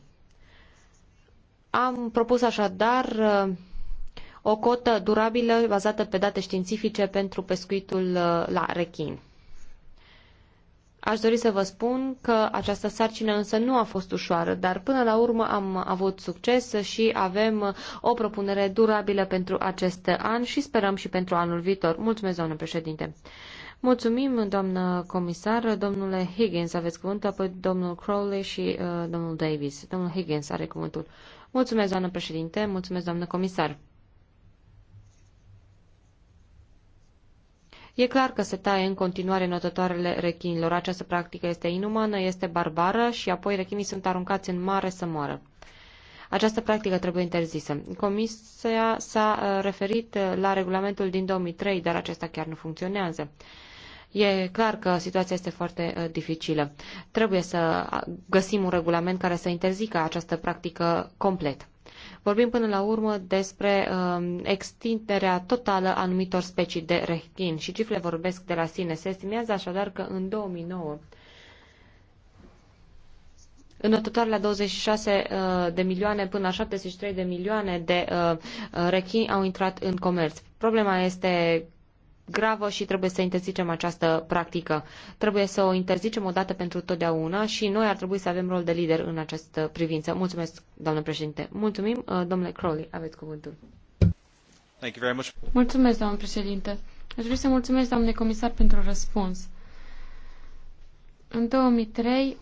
S3: Am propus așadar uh, o cotă durabilă bazată pe date științifice pentru pescuitul uh, la rechin. Aș dori să vă spun că această sarcină însă nu a fost ușoară, dar până la urmă am avut succes și avem uh, o propunere durabilă pentru acest an și sperăm și pentru anul viitor. Mulțumesc, doamnă președinte! Mulțumim, doamnă comisar. Domnule Higgins, aveți cuvântul, apoi domnul Crowley și uh, domnul Davis. Domnul Higgins are cuvântul. Mulțumesc, doamnă președinte, mulțumesc, doamnă comisar. E clar că se taie în continuare notătoarele rechinilor. Această practică este inumană, este barbară și apoi rechinii sunt aruncați în mare să moară. Această practică trebuie interzisă. Comisia s-a uh, referit uh, la regulamentul din 2003, dar acesta chiar nu funcționează. E clar că situația este foarte uh, dificilă. Trebuie să găsim un regulament care să interzică această practică complet. Vorbim până la urmă despre uh, extinderea totală a anumitor specii de rechin și cifrele vorbesc de la sine. Se estimează așadar că în 2009 înătătoare la 26 uh, de milioane până la 73 de milioane de uh, rechini au intrat în comerț. Problema este gravă și trebuie să interzicem această practică. Trebuie să o interzicem odată pentru totdeauna și noi ar trebui să avem rol de lider în această privință. Mulțumesc, doamnă președinte. Mulțumim, uh, domnule Crowley. Aveți cuvântul.
S1: Thank you very much. Mulțumesc,
S3: doamnă președinte.
S1: Aș vrea să mulțumesc, doamne comisar, pentru răspuns. În 2003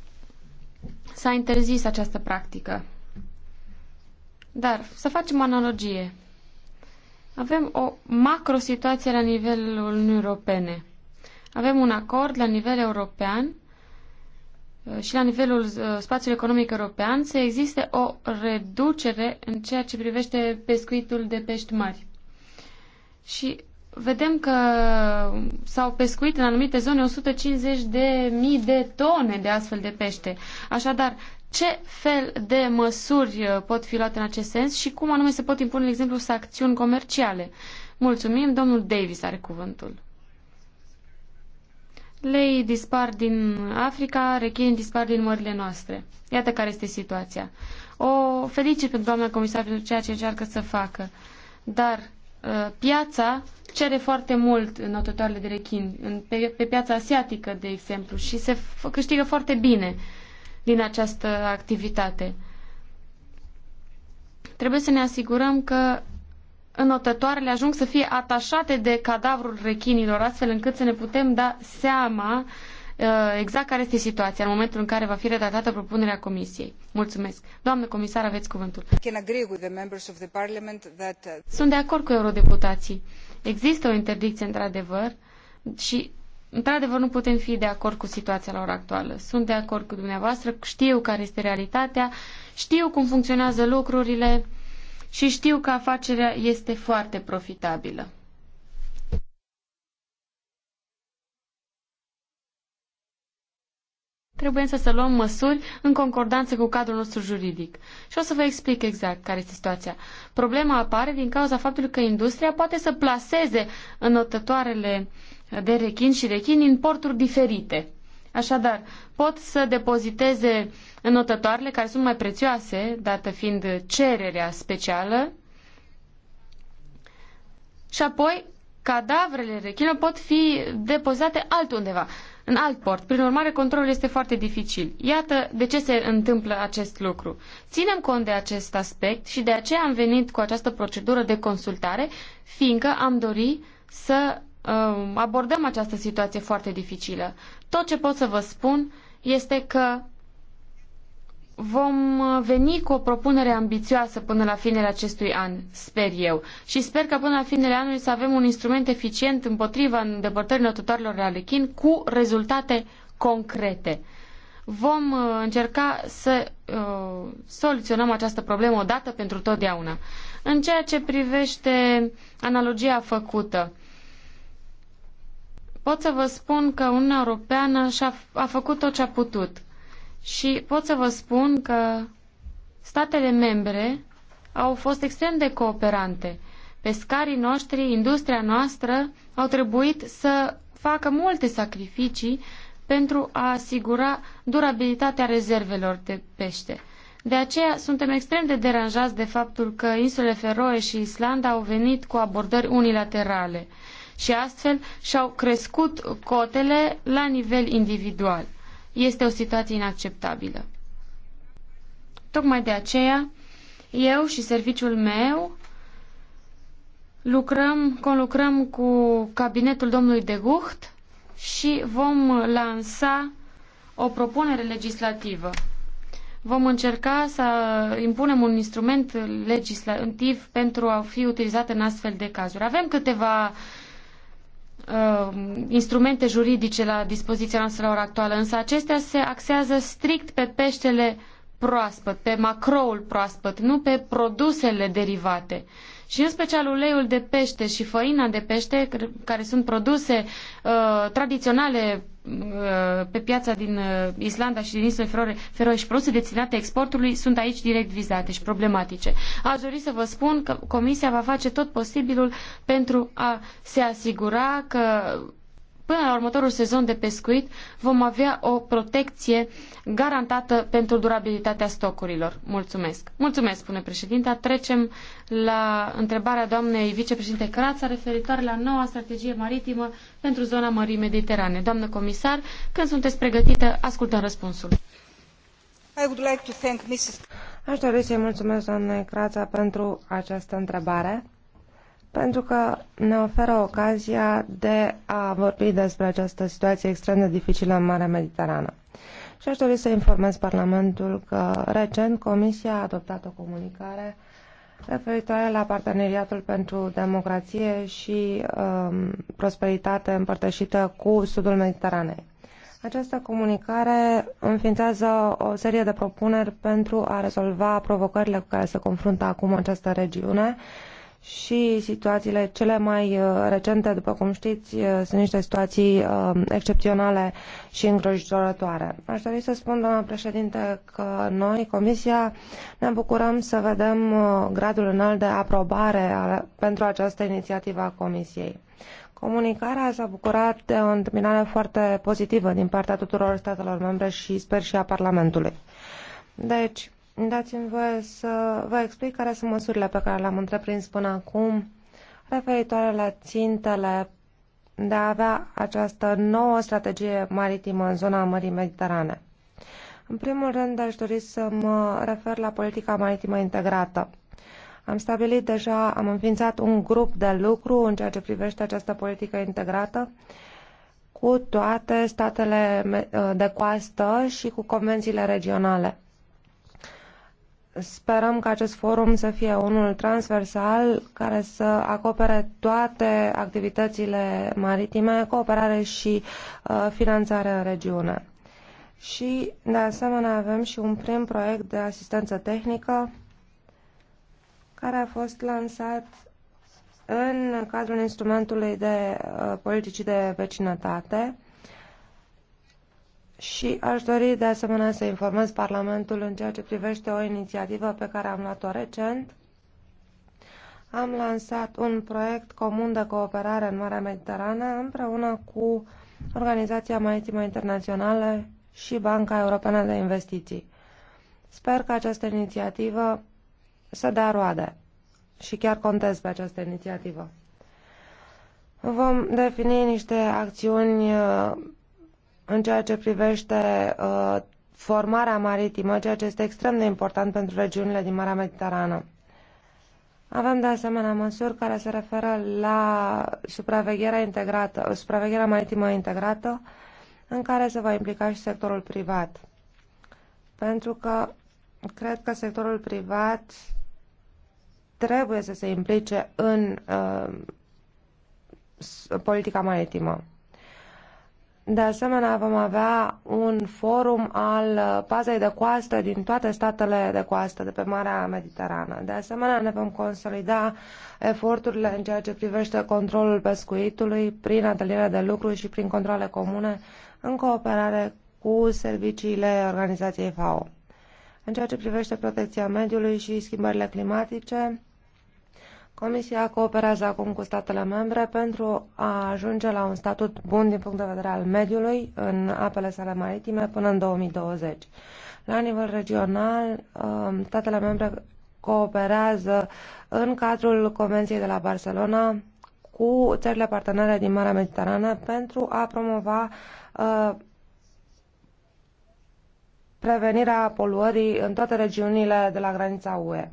S1: s-a interzis această practică. Dar să facem analogie. Avem o macro-situație la nivelul Uniunii Europene. Avem un acord la nivel european uh, și la nivelul uh, spațiului economic european să existe o reducere în ceea ce privește pescuitul de pești mari. Și vedem că s-au pescuit în anumite zone 150 de mii de tone de astfel de pește. Așadar, ce fel de măsuri uh, pot fi luate în acest sens și cum anume se pot impune, de exemplu, sancțiuni comerciale. Mulțumim, domnul Davis are cuvântul. Lei dispar din Africa, rechini dispar din mările noastre. Iată care este situația. O felicit pe doamna comisar pentru ceea ce încearcă să facă, dar uh, piața cere foarte mult în notătoarele de rechin, în, pe, pe piața asiatică, de exemplu, și se câștigă foarte bine. Uh, din această activitate. Trebuie să ne asigurăm că înotătoarele ajung să fie atașate de cadavrul rechinilor, astfel încât să ne putem da seama uh, exact care este situația în momentul în care va fi redactată propunerea Comisiei. Mulțumesc. Doamnă comisar, aveți cuvântul. Uh, Sunt de acord cu eurodeputații. Există o interdicție, într-adevăr, și Într-adevăr, nu putem fi de acord cu situația la ora actuală. Sunt de acord cu dumneavoastră, știu care este realitatea, știu cum funcționează lucrurile și știu că afacerea este foarte profitabilă. Trebuie însă să luăm măsuri în concordanță cu cadrul nostru juridic. Și o să vă explic exact care este situația. Problema apare din cauza faptului că industria poate să placeze înotătoarele uh, de rechin și rechin în porturi diferite. Așadar, pot să depoziteze înotătoarele care sunt mai prețioase, dată fiind cererea specială, și apoi cadavrele rechină pot fi depozitate altundeva, în alt port. Prin urmare, controlul este foarte dificil. Iată de ce se întâmplă acest lucru. Ținem cont de acest aspect și de aceea am venit cu această procedură de consultare, fiindcă am dorit să Ehm, abordăm această situație foarte dificilă. Tot ce pot să vă spun este că vom veni cu o propunere ambițioasă până la finele acestui an, sper eu. Și sper că până la finele anului să avem un instrument eficient împotriva îndepărtării reale chin cu rezultate concrete. Vom uh, încerca să uh, soluționăm această problemă odată pentru totdeauna. În ceea ce privește analogia făcută, uh, pot să vă spun că Uniunea Europeană și-a, a făcut tot ce a putut. Și pot să vă spun că statele membre au fost extrem de cooperante. Pescarii noștri, industria noastră au trebuit să facă multe sacrificii pentru a asigura durabilitatea rezervelor de pește. De aceea suntem extrem de deranjați de faptul că insulele Feroe și Islanda au venit cu abordări unilaterale și astfel și-au crescut cotele la nivel individual. Este o situație inacceptabilă. Tocmai de aceea, eu și serviciul meu lucrăm, conlucrăm cu cabinetul domnului de Gucht și vom lansa o propunere legislativă. Vom încerca să impunem un instrument legislativ pentru a fi utilizat în astfel de cazuri. Avem câteva uh, instrumente juridice la dispoziția noastră la ora actuală, însă acestea se axează strict pe peștele proaspăt, pe macroul proaspăt, nu pe produsele derivate. Și în special uleiul de pește și făina de pește, care sunt produse uh, tradiționale Uh, pe piața din uh, Islanda și din insulele Feroe, Feroe și produse destinate exportului sunt aici direct vizate și problematice. Aș dori să vă spun că Comisia va face tot posibilul pentru a se asigura că până la următorul sezon de pescuit vom avea o protecție garantată pentru durabilitatea stocurilor. Mulțumesc. Mulțumesc, spune președinta. Trecem la întrebarea doamnei vicepreședinte Crața referitoare la noua strategie maritimă pentru zona Mării Mediterane. Doamnă comisar, când sunteți pregătită, ascultăm răspunsul.
S2: I would like to thank Mrs. Aș dori să-i mulțumesc doamnei Crața pentru această întrebare pentru că ne oferă ocazia de a vorbi despre această situație extrem de dificilă în Marea Mediterană. Și aș dori să informez Parlamentul că recent Comisia a adoptat o comunicare referitoare la parteneriatul pentru democrație și um, prosperitate împărtășită cu Sudul Mediteranei. Această comunicare înființează o serie de propuneri pentru a rezolva provocările cu care se confruntă acum această regiune, și situațiile cele mai uh, recente, după cum știți, uh, sunt niște situații uh, excepționale și îngrijorătoare. Aș dori să spun, doamna președinte, că noi, Comisia, ne bucurăm să vedem gradul înalt de aprobare pentru această inițiativă a Comisiei. Comunicarea s-a bucurat de o întâmpinare foarte pozitivă din partea tuturor statelor membre și sper și a Parlamentului. Deci, Dați-mi voie să vă explic care sunt măsurile pe care le-am întreprins până acum referitoare la țintele de a avea această nouă strategie maritimă în zona Mării Mediterane. În primul rând, aș dori să mă refer la politica maritimă integrată. Am stabilit deja, am înființat un grup de lucru în ceea ce privește această politică integrată cu toate statele de coastă și cu convențiile regionale. Sperăm ca acest forum să fie unul transversal care să acopere toate activitățile maritime, cooperare și uh, finanțare în regiune. Și, de asemenea, avem și un prim proiect de asistență tehnică care a fost lansat în cadrul instrumentului de uh, politicii de vecinătate și aș dori de asemenea să informez Parlamentul în ceea ce privește o inițiativă pe care am luat-o recent. Am lansat un proiect comun de cooperare în Marea Mediterană împreună cu Organizația Maritimă Internațională și Banca Europeană de Investiții. Sper că această inițiativă să dea roade și chiar contez pe această inițiativă. Vom defini niște acțiuni în ceea ce privește uh, formarea maritimă, ceea ce este extrem de important pentru regiunile din Marea Mediterană. Avem de asemenea măsuri care se referă la supravegherea, integrată, supravegherea maritimă integrată, în care se va implica și sectorul privat. Pentru că cred că sectorul privat trebuie să se implice în uh, politica maritimă. De asemenea, vom avea un forum al uh, pazei de coastă din toate statele de coastă de pe Marea Mediterană. De asemenea, ne vom consolida eforturile în ceea ce privește controlul pescuitului prin ateliere de lucru și prin controle comune în cooperare cu serviciile organizației FAO. În ceea ce privește protecția mediului și schimbările climatice, Comisia cooperează acum cu statele membre pentru a ajunge la un statut bun din punct de vedere al mediului în apele sale maritime până în 2020. La nivel regional, um, statele membre cooperează în cadrul Convenției de la Barcelona cu țările partenere din Marea Mediterană pentru a promova uh, prevenirea poluării în toate regiunile de la granița UE.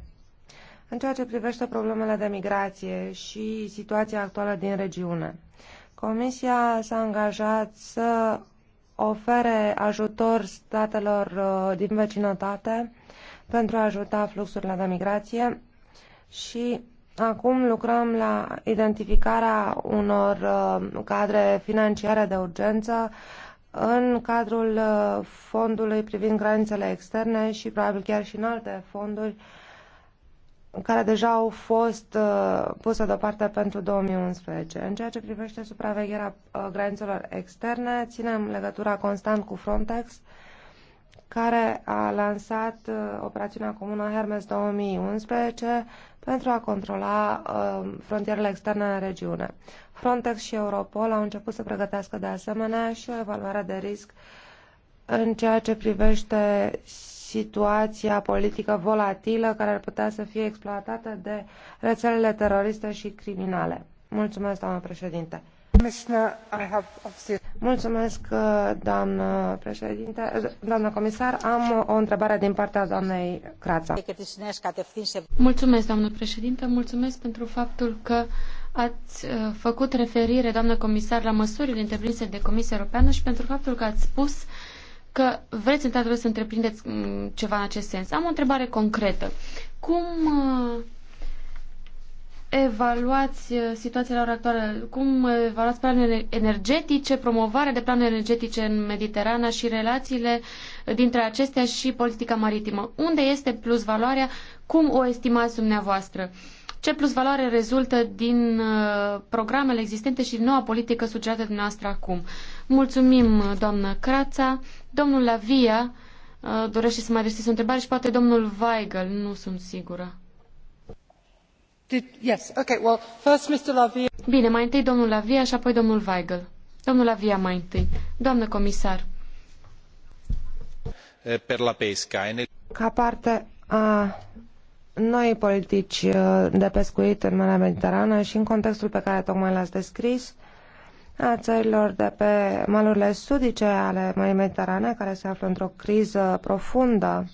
S2: În ceea ce privește problemele de migrație și situația actuală din regiune, Comisia s-a angajat să ofere ajutor statelor uh, din vecinătate pentru a ajuta fluxurile de migrație și acum lucrăm la identificarea unor uh, cadre financiare de urgență în cadrul uh, fondului privind granițele externe și probabil chiar și în alte fonduri uh, care deja au fost uh, puse deoparte pentru 2011. În ceea ce privește supravegherea uh, granițelor externe, ținem legătura constant cu Frontex, care a lansat uh, operațiunea comună Hermes 2011 pentru a controla uh, frontierele externe în regiune. Frontex și Europol au început să pregătească de asemenea și o evaluare de risc în ceea ce privește situația politică volatilă care ar putea să fie exploatată de rețelele teroriste și criminale. Mulțumesc, doamnă președinte. Mulțumesc, uh, doamnă președinte. Uh, doamnă comisar, am o întrebare din partea doamnei Crața.
S1: Mulțumesc, doamnă președinte. Mulțumesc pentru faptul că Ați uh, făcut referire, doamnă comisar, la măsurile întreprinse de Comisia Europeană și pentru faptul că ați spus că vreți într-adevăr să întreprindeți mm, ceva în acest sens. Am o întrebare concretă. Cum uh, evaluați uh, situația la ora actuală? Cum evaluați planurile energetice, promovarea de planuri energetice în Mediterana și relațiile dintre acestea și politica maritimă? Unde este plus valoarea? Cum o estimați dumneavoastră? Ce plus valoare rezultă din uh, programele existente și noua politică sugerată dumneavoastră acum? Uh, Mulțumim, doamnă Crața. Domnul Lavia uh, dorește să mai adreseze o întrebare și poate domnul Weigel, nu sunt sigură. Did, yes, okay, well, first Mr. Lavia. Bine, mai întâi domnul Lavia și apoi domnul Weigel. Domnul Lavia mai întâi. Doamnă comisar.
S2: Eh, per la pesca.
S1: Ca parte a noi politici
S2: eh, de pescuit în Marea Mediterană și în contextul pe care tocmai l-ați descris, a țărilor de pe malurile sudice ale Mării Mediterane, care se află într-o criză profundă,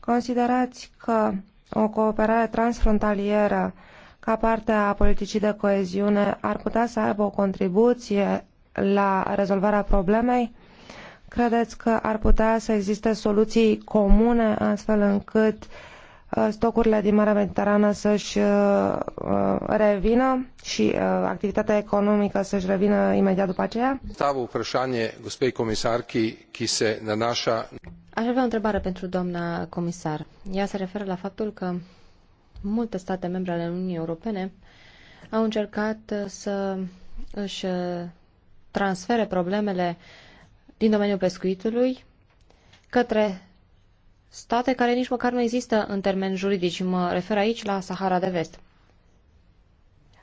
S2: considerați că o cooperare transfrontalieră ca parte a politicii de coeziune ar putea să aibă o contribuție la rezolvarea problemei? Credeți că ar putea să existe soluții comune astfel încât uh, Uh, stocurile din Marea Mediterană să-și uh, uh, revină și activitatea economică să-și
S3: revină imediat după aceea? Stavu prășanie, gospei comisarki, ki se nanașa... Aș avea o întrebare pentru doamna comisar. Ea se referă la faptul că multe state membre ale Uniunii Europene au încercat să își transfere problemele din domeniul pescuitului către state care nici măcar nu există în termeni juridici. Mă refer aici la Sahara de Vest.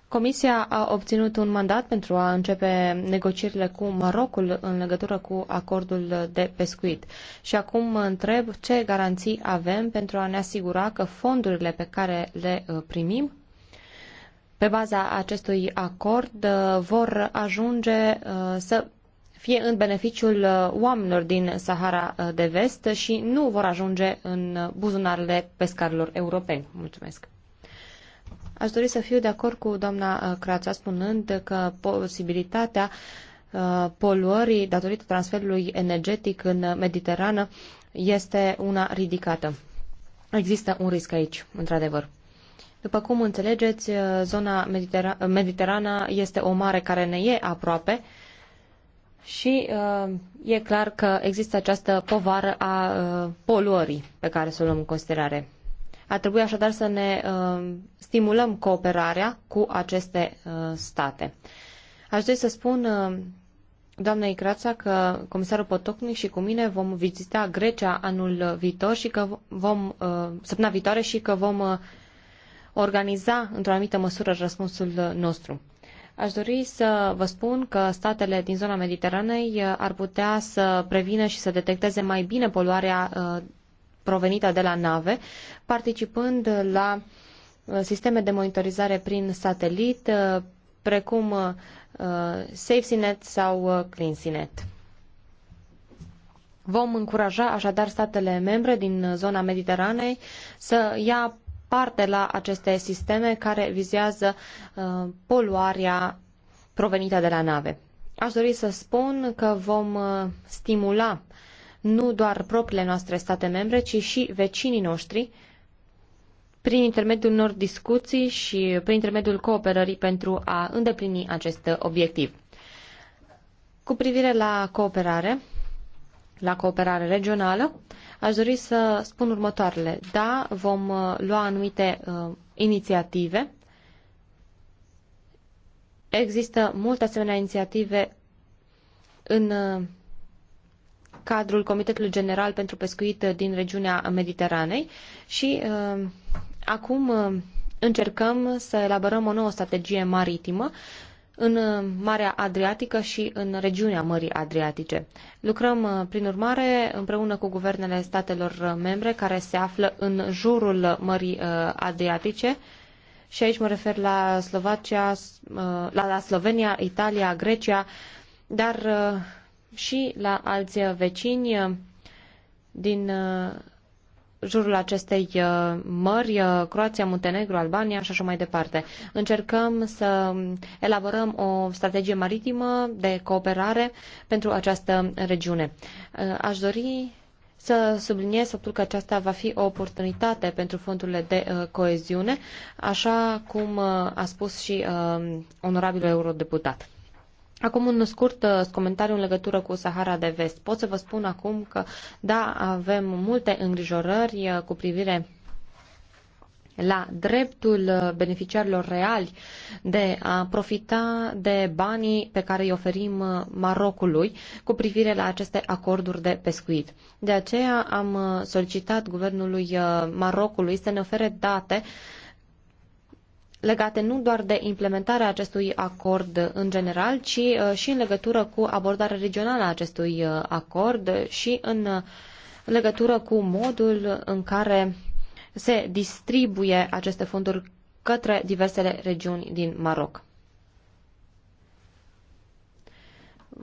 S3: Comisia a obținut un mandat pentru a începe negocierile cu Marocul în legătură cu acordul de pescuit. Și acum mă întreb ce garanții avem pentru a ne asigura că fondurile pe care le uh, primim pe baza acestui acord uh, vor ajunge uh, să fie în beneficiul uh, oamenilor din Sahara uh, de Vest și nu vor ajunge în uh, buzunarele pescarilor europeni. Mulțumesc! Aș dori să fiu de acord cu doamna Crața spunând că posibilitatea poluării datorită transferului energetic în Mediterană este una ridicată. Există un risc aici, într-adevăr. După cum înțelegeți, zona meditera- mediterana este o mare care ne e aproape și uh, e clar că există această povară a uh, poluării pe care să o luăm în considerare. Ar trebui așadar să ne uh, stimulăm cooperarea cu aceste uh, state. Aș dori să spun uh, doamnei că comisarul Potocnic și cu mine vom vizita Grecia anul viitor și că vom, uh, săptămâna viitoare și că vom uh, organiza într-o anumită măsură răspunsul nostru. Aș dori să vă spun că statele din zona Mediteranei uh, ar putea să prevină și să detecteze mai bine poluarea uh, provenită de la nave, participând la uh, sisteme de monitorizare prin satelit, precum SafeSynet sau CleanSynet. Vom încuraja așadar statele membre din zona Mediteranei să ia parte la aceste sisteme care vizează uh, poluarea provenită de la nave. Aș dori să spun că vom uh, stimula nu doar propriile noastre state membre, ci și vecinii noștri prin intermediul unor discuții și prin intermediul cooperării pentru a îndeplini acest obiectiv. Cu privire la cooperare, la cooperare regională, aș dori să spun următoarele. Da, vom uh, lua anumite uh, inițiative. Există multe asemenea inițiative în uh, cadrul Comitetului General pentru Pescuit din regiunea Mediteranei și uh, acum uh, încercăm să elaborăm o nouă strategie maritimă uh, în uh, Marea Adriatică și în regiunea Mării Adriatice. Lucrăm, uh, prin urmare, împreună cu guvernele statelor uh, membre care se află în jurul Mării Adriatice și aici mă refer la Slovacia, la Slovenia, Italia, Grecia, dar și la alți vecini din jurul acestei uh, mări, uh, Croația, Muntenegru, Albania și așa mai departe. Încercăm să elaborăm o strategie maritimă de cooperare pentru această regiune. Uh, aș dori să subliniez faptul că aceasta va fi o oportunitate pentru fondurile de coeziune, așa cum a spus și onorabilul eurodeputat. Acum un scurt uh, comentariu în legătură cu Sahara de Vest. Pot să vă spun acum că, da, avem multe îngrijorări uh, cu privire la dreptul uh, beneficiarilor reali de a profita de banii pe care îi oferim Marocului cu privire la aceste acorduri de pescuit. De aceea am solicitat guvernului Marocului să ne ofere date uh, legate nu doar de implementarea acestui acord în general, ci uh, și în legătură cu abordarea regională a acestui uh, acord și uh, în legătură cu modul în care se distribuie aceste fonduri către diversele regiuni din Maroc.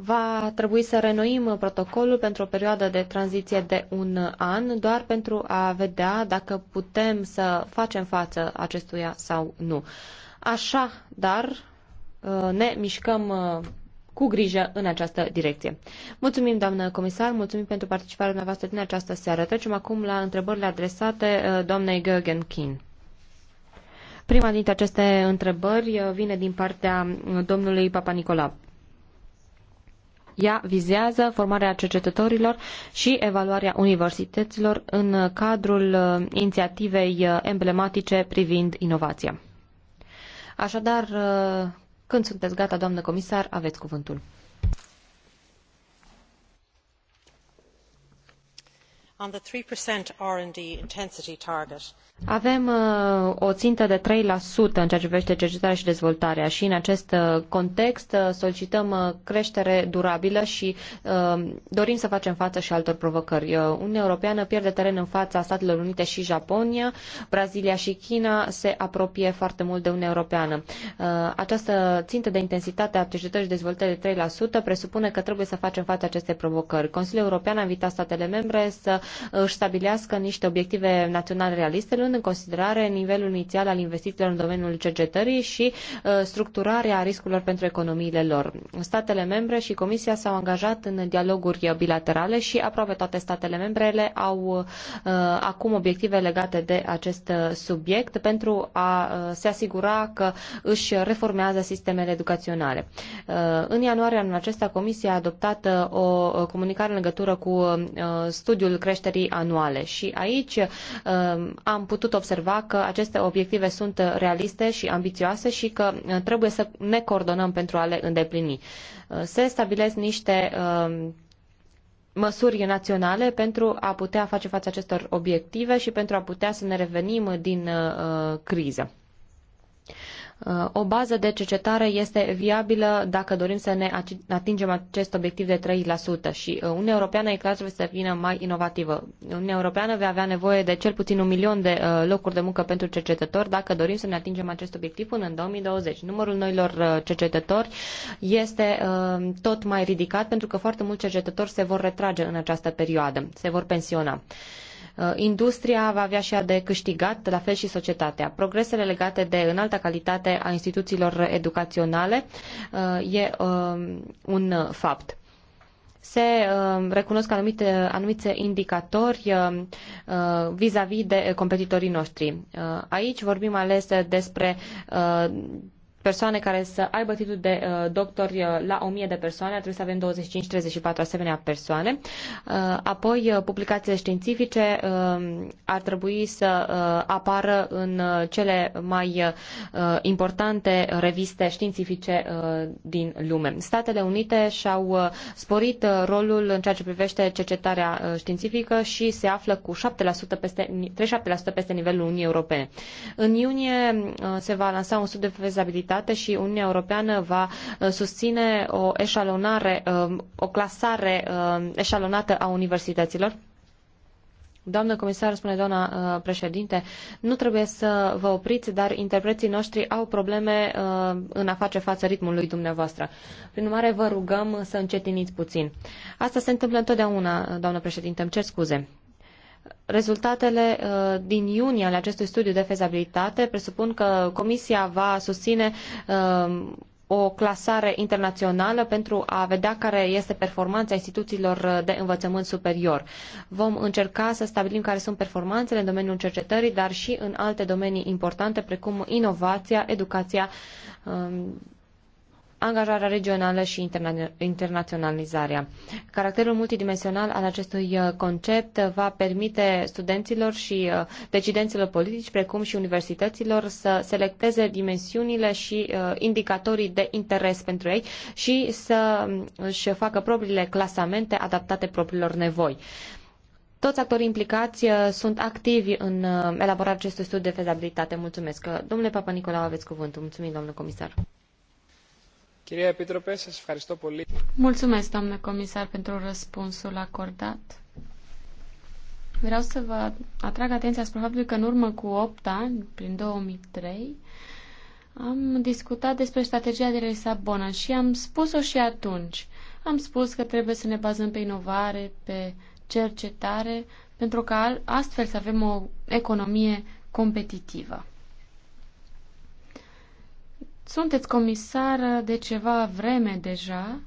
S3: va trebui să renoim protocolul pentru o perioadă de tranziție de un an, doar pentru a vedea dacă putem să facem față acestuia sau nu. Așa, dar uh, ne mișcăm uh, cu grijă în această direcție. Mulțumim, doamnă comisar, mulțumim pentru participarea dumneavoastră din această seară. Trecem acum la întrebările adresate uh, doamnei Gergen Kin. Prima dintre aceste întrebări vine din partea domnului Papa Nicolau. Ea vizează formarea cercetătorilor și evaluarea universităților în cadrul uh, inițiativei uh, emblematice privind inovația. Așadar, uh, când sunteți gata, doamnă comisar, aveți cuvântul.
S2: On the 3% R&D intensity target,
S3: avem uh, o țintă de 3% în ceea ce privește cercetarea și dezvoltarea și în acest uh, context uh, solicităm uh, creștere durabilă și uh, dorim să facem față și altor provocări. Uh, Uniunea Europeană pierde teren în fața Statelor Unite și Japonia, Brazilia și China se apropie foarte mult de Uniunea Europeană. Uh, această țintă de intensitate a cercetării și dezvoltării de 3% presupune că trebuie să facem față acestei provocări. Consiliul European a invitat statele membre să uh, își stabilească niște obiective naționale realiste luând în considerare nivelul inițial al investițiilor în domeniul cercetării și uh, structurarea riscurilor pentru economiile lor. Statele membre și Comisia s-au angajat în dialoguri bilaterale și aproape toate statele membrele au uh, acum obiective legate de acest uh, subiect pentru a se asigura că își reformează sistemele educaționale. În ianuarie anul acesta, Comisia a adoptat o comunicare în legătură cu studiul creșterii anuale și aici am putut putut observa că aceste obiective sunt realiste și ambițioase și că uh, trebuie să ne coordonăm pentru a le îndeplini. Uh, se stabilesc niște uh, măsuri naționale pentru a putea face față acestor obiective și pentru a putea să ne revenim din criză. Uh, o bază de cercetare este viabilă dacă dorim să ne atingem acest obiectiv de 3% și uh, Uniunea Europeană e clar trebuie să vină mai inovativă. Uniunea Europeană va avea nevoie de cel puțin un milion de uh, locuri de muncă pentru cercetători dacă dorim să ne atingem acest obiectiv până în 2020. Numărul noilor cercetători este tot mai ridicat pentru că foarte mulți cercetători se vor retrage în această perioadă, se vor pensiona. Uh, industria va avea și ea de câștigat, la fel și societatea. Progresele legate de înalta calitate a instituțiilor educaționale uh, e um, un fapt se um, recunosc anumite, anumite indicatori uh, vis-a-vis de competitorii noștri. Aici vorbim ales despre persoane care să aibă titlul de uh, doctor uh, la 1000 de persoane, trebuie să avem 25-34 asemenea persoane. Apoi, publicațiile științifice ar trebui să uh, apară în cele mai importante reviste științifice din lume. Statele Unite și-au sporit rolul în ceea ce privește cercetarea științifică și se află cu 7% peste, 37% peste nivelul Uniunii Europene. În iunie se va lansa un studiu de fezabilitate date și Uniunea Europeană va uh, susține o eșalonare, um, o clasare um, eșalonată a universităților? Doamnă comisar, spune doamna uh, președinte, nu trebuie să vă opriți, dar interpreții noștri au probleme uh, în a face față ritmului dumneavoastră. Prin urmare, vă rugăm să încetiniți puțin. Asta se întâmplă întotdeauna, doamnă președinte, îmi cer scuze. Rezultatele uh, din iunie ale acestui studiu de fezabilitate presupun că Comisia va susține um, o clasare internațională pentru a vedea care este performanța instituțiilor de învățământ superior. Vom încerca să stabilim care sunt performanțele în domeniul cercetării, dar și în alte domenii importante, precum inovația, educația um, angajarea regională și interna- internaționalizarea. Caracterul multidimensional al acestui uh, concept va permite studenților și uh, decidenților politici, precum și universităților, să selecteze dimensiunile și uh, indicatorii de interes pentru ei și să um, își facă propriile clasamente adaptate propriilor nevoi. Toți actorii implicați sunt activi în elaborarea acestui studiu de fezabilitate. Mulțumesc. Domnule Papa Nicolau, aveți cuvântul. Mulțumim, domnule comisar.
S1: Mulțumesc, comisar, pentru răspunsul acordat. Vreau să vă atrag atenția asupra faptului că în urmă cu 8 ani, prin 2003, am discutat despre strategia de Lisabona și am spus-o și atunci. Am spus că trebuie să ne bazăm pe inovare, pe cercetare, pentru că astfel să avem o economie competitivă. Sunteți comisară de ceva vreme deja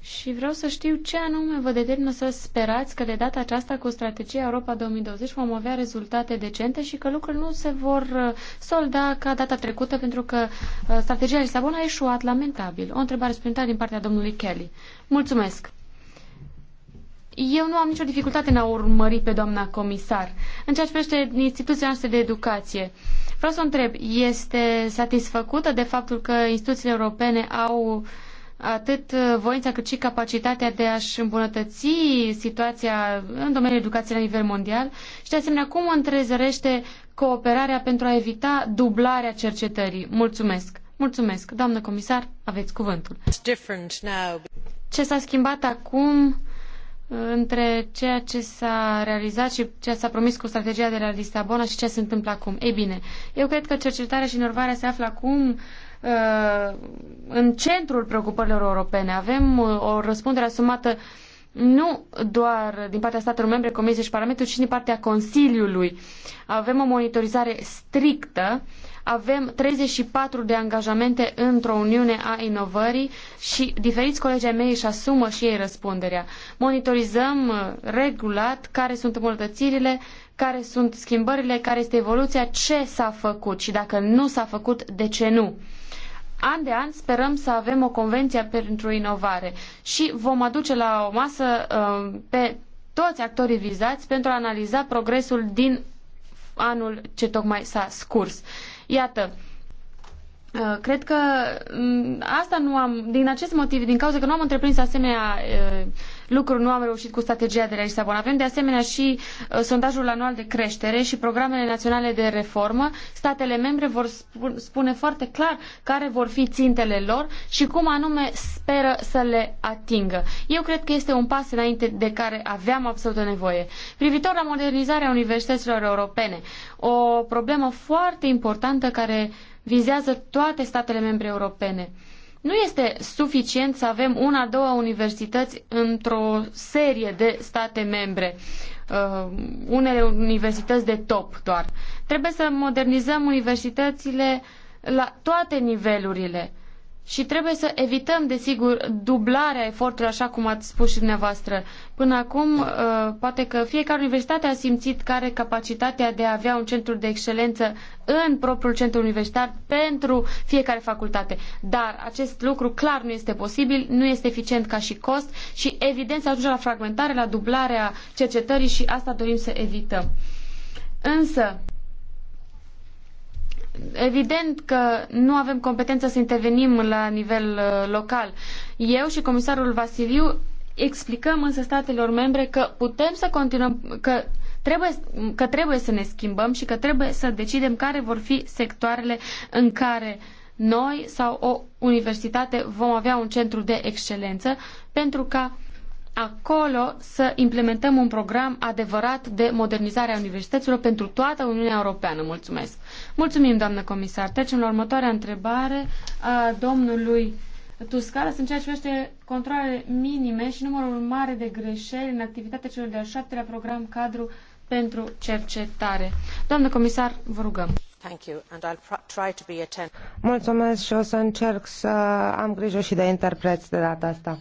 S1: și vreau să știu ce anume vă determină să sperați că de data aceasta cu strategia Europa 2020 vom avea rezultate decente și că lucrurile nu se vor uh, solda ca data trecută pentru că uh, strategia Lisabona a eșuat lamentabil. O întrebare suplimentară din partea domnului Kelly. Mulțumesc! Eu nu am nicio dificultate în a urmări pe doamna comisar. În ceea ce privește instituția noastră de educație, uh, Vreau să întreb, este satisfăcută de faptul că instituțiile europene au atât voința cât și capacitatea de a-și îmbunătăți situația în domeniul educației la nivel mondial și de asemenea cum întrezărește cooperarea pentru a evita dublarea cercetării. Mulțumesc! Mulțumesc! Doamnă comisar, aveți cuvântul. Ce s-a schimbat acum între ceea ce s-a realizat și ceea ce s-a promis cu strategia de la Lisabona și ce se întâmplă acum. Ei bine, eu cred că cercetarea și inovarea se află acum uh, în centrul preocupărilor europene. Avem uh, o răspundere asumată nu doar din partea statelor membre, Comisiei și Parlamentului, ci și din partea Consiliului. Avem o monitorizare strictă uh, avem 34 de angajamente într-o Uniune a Inovării și diferiți colegi ai mei își asumă și ei răspunderea. Monitorizăm uh, regulat care sunt îmbunătățirile, care sunt schimbările, care este evoluția, ce s-a făcut și dacă nu s-a făcut, de ce nu an de an sperăm să avem o convenție pentru inovare și vom aduce la o masă uh, pe toți actorii vizați pentru a analiza progresul din anul ce tocmai s-a scurs. Iată, uh, cred că mm, asta nu am, din acest motiv, din cauza că nu am întreprins asemenea uh, lucru nu am reușit cu strategia de la Lisabona. Avem de asemenea și uh, sondajul anual de creștere și programele naționale de reformă. Statele membre vor spune foarte clar care vor fi țintele lor și cum anume speră să le atingă. Eu cred că este un pas înainte de care aveam absolută nevoie. Privitor la modernizarea universităților europene, o problemă foarte importantă care vizează toate statele membre europene. Nu este suficient să avem una, două universități într-o serie de state membre, uh, unele universități de top doar. Trebuie să modernizăm universitățile la toate nivelurile. Și trebuie să evităm, desigur, dublarea efortului, așa cum ați spus și dumneavoastră. Până acum, uh, poate că fiecare universitate a simțit că are capacitatea de a avea un centru de excelență în propriul centru universitar pentru fiecare facultate. Dar acest lucru clar nu este posibil, nu este eficient ca și cost și, evident, se ajunge la fragmentare, la dublarea cercetării și asta dorim să evităm. Însă, Evident că nu avem competența să intervenim la nivel uh, local. Eu și comisarul Vasiliu explicăm însă statelor membre că putem să continuăm, că trebuie, că trebuie să ne schimbăm și că trebuie să decidem care vor fi sectoarele în care noi sau o universitate vom avea un centru de excelență pentru ca acolo să implementăm un program adevărat de modernizare a universităților pentru toată Uniunea Europeană. Mulțumesc! Mulțumim, doamnă comisar. Trecem la următoarea întrebare a domnului Tuscala. Sunt ceea ce privește controlele minime și numărul mare de greșeli în activitatea celor de-al șaptelea program cadru pentru cercetare. Doamnă comisar, vă rugăm.
S2: Mulțumesc și o să încerc să am grijă și de interpreți de data asta.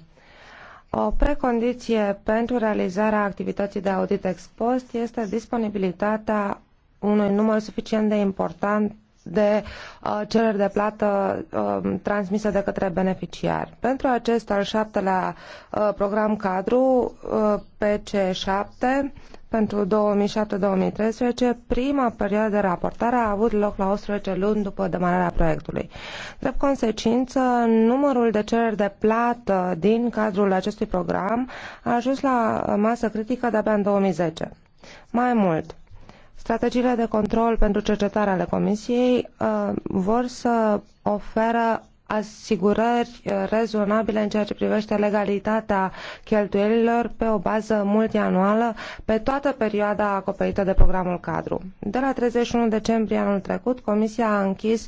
S2: O precondiție pentru realizarea activității de audit ex post este disponibilitatea unui număr suficient de important de uh, cereri de plată uh, transmise de către beneficiari. Pentru acest al șaptelea uh, program cadru, uh, PC7, pentru 2007-2013, prima perioadă de raportare a avut loc la 11 luni după demararea proiectului. Drept consecință, numărul de cereri de plată din cadrul acestui program a ajuns la masă critică de-abia în 2010. Mai mult, strategiile de control pentru cercetare ale Comisiei uh, vor să oferă asigurări uh, rezonabile în ceea ce privește legalitatea cheltuielilor pe o bază multianuală pe toată perioada acoperită de programul cadru. De la 31 decembrie anul trecut, Comisia a închis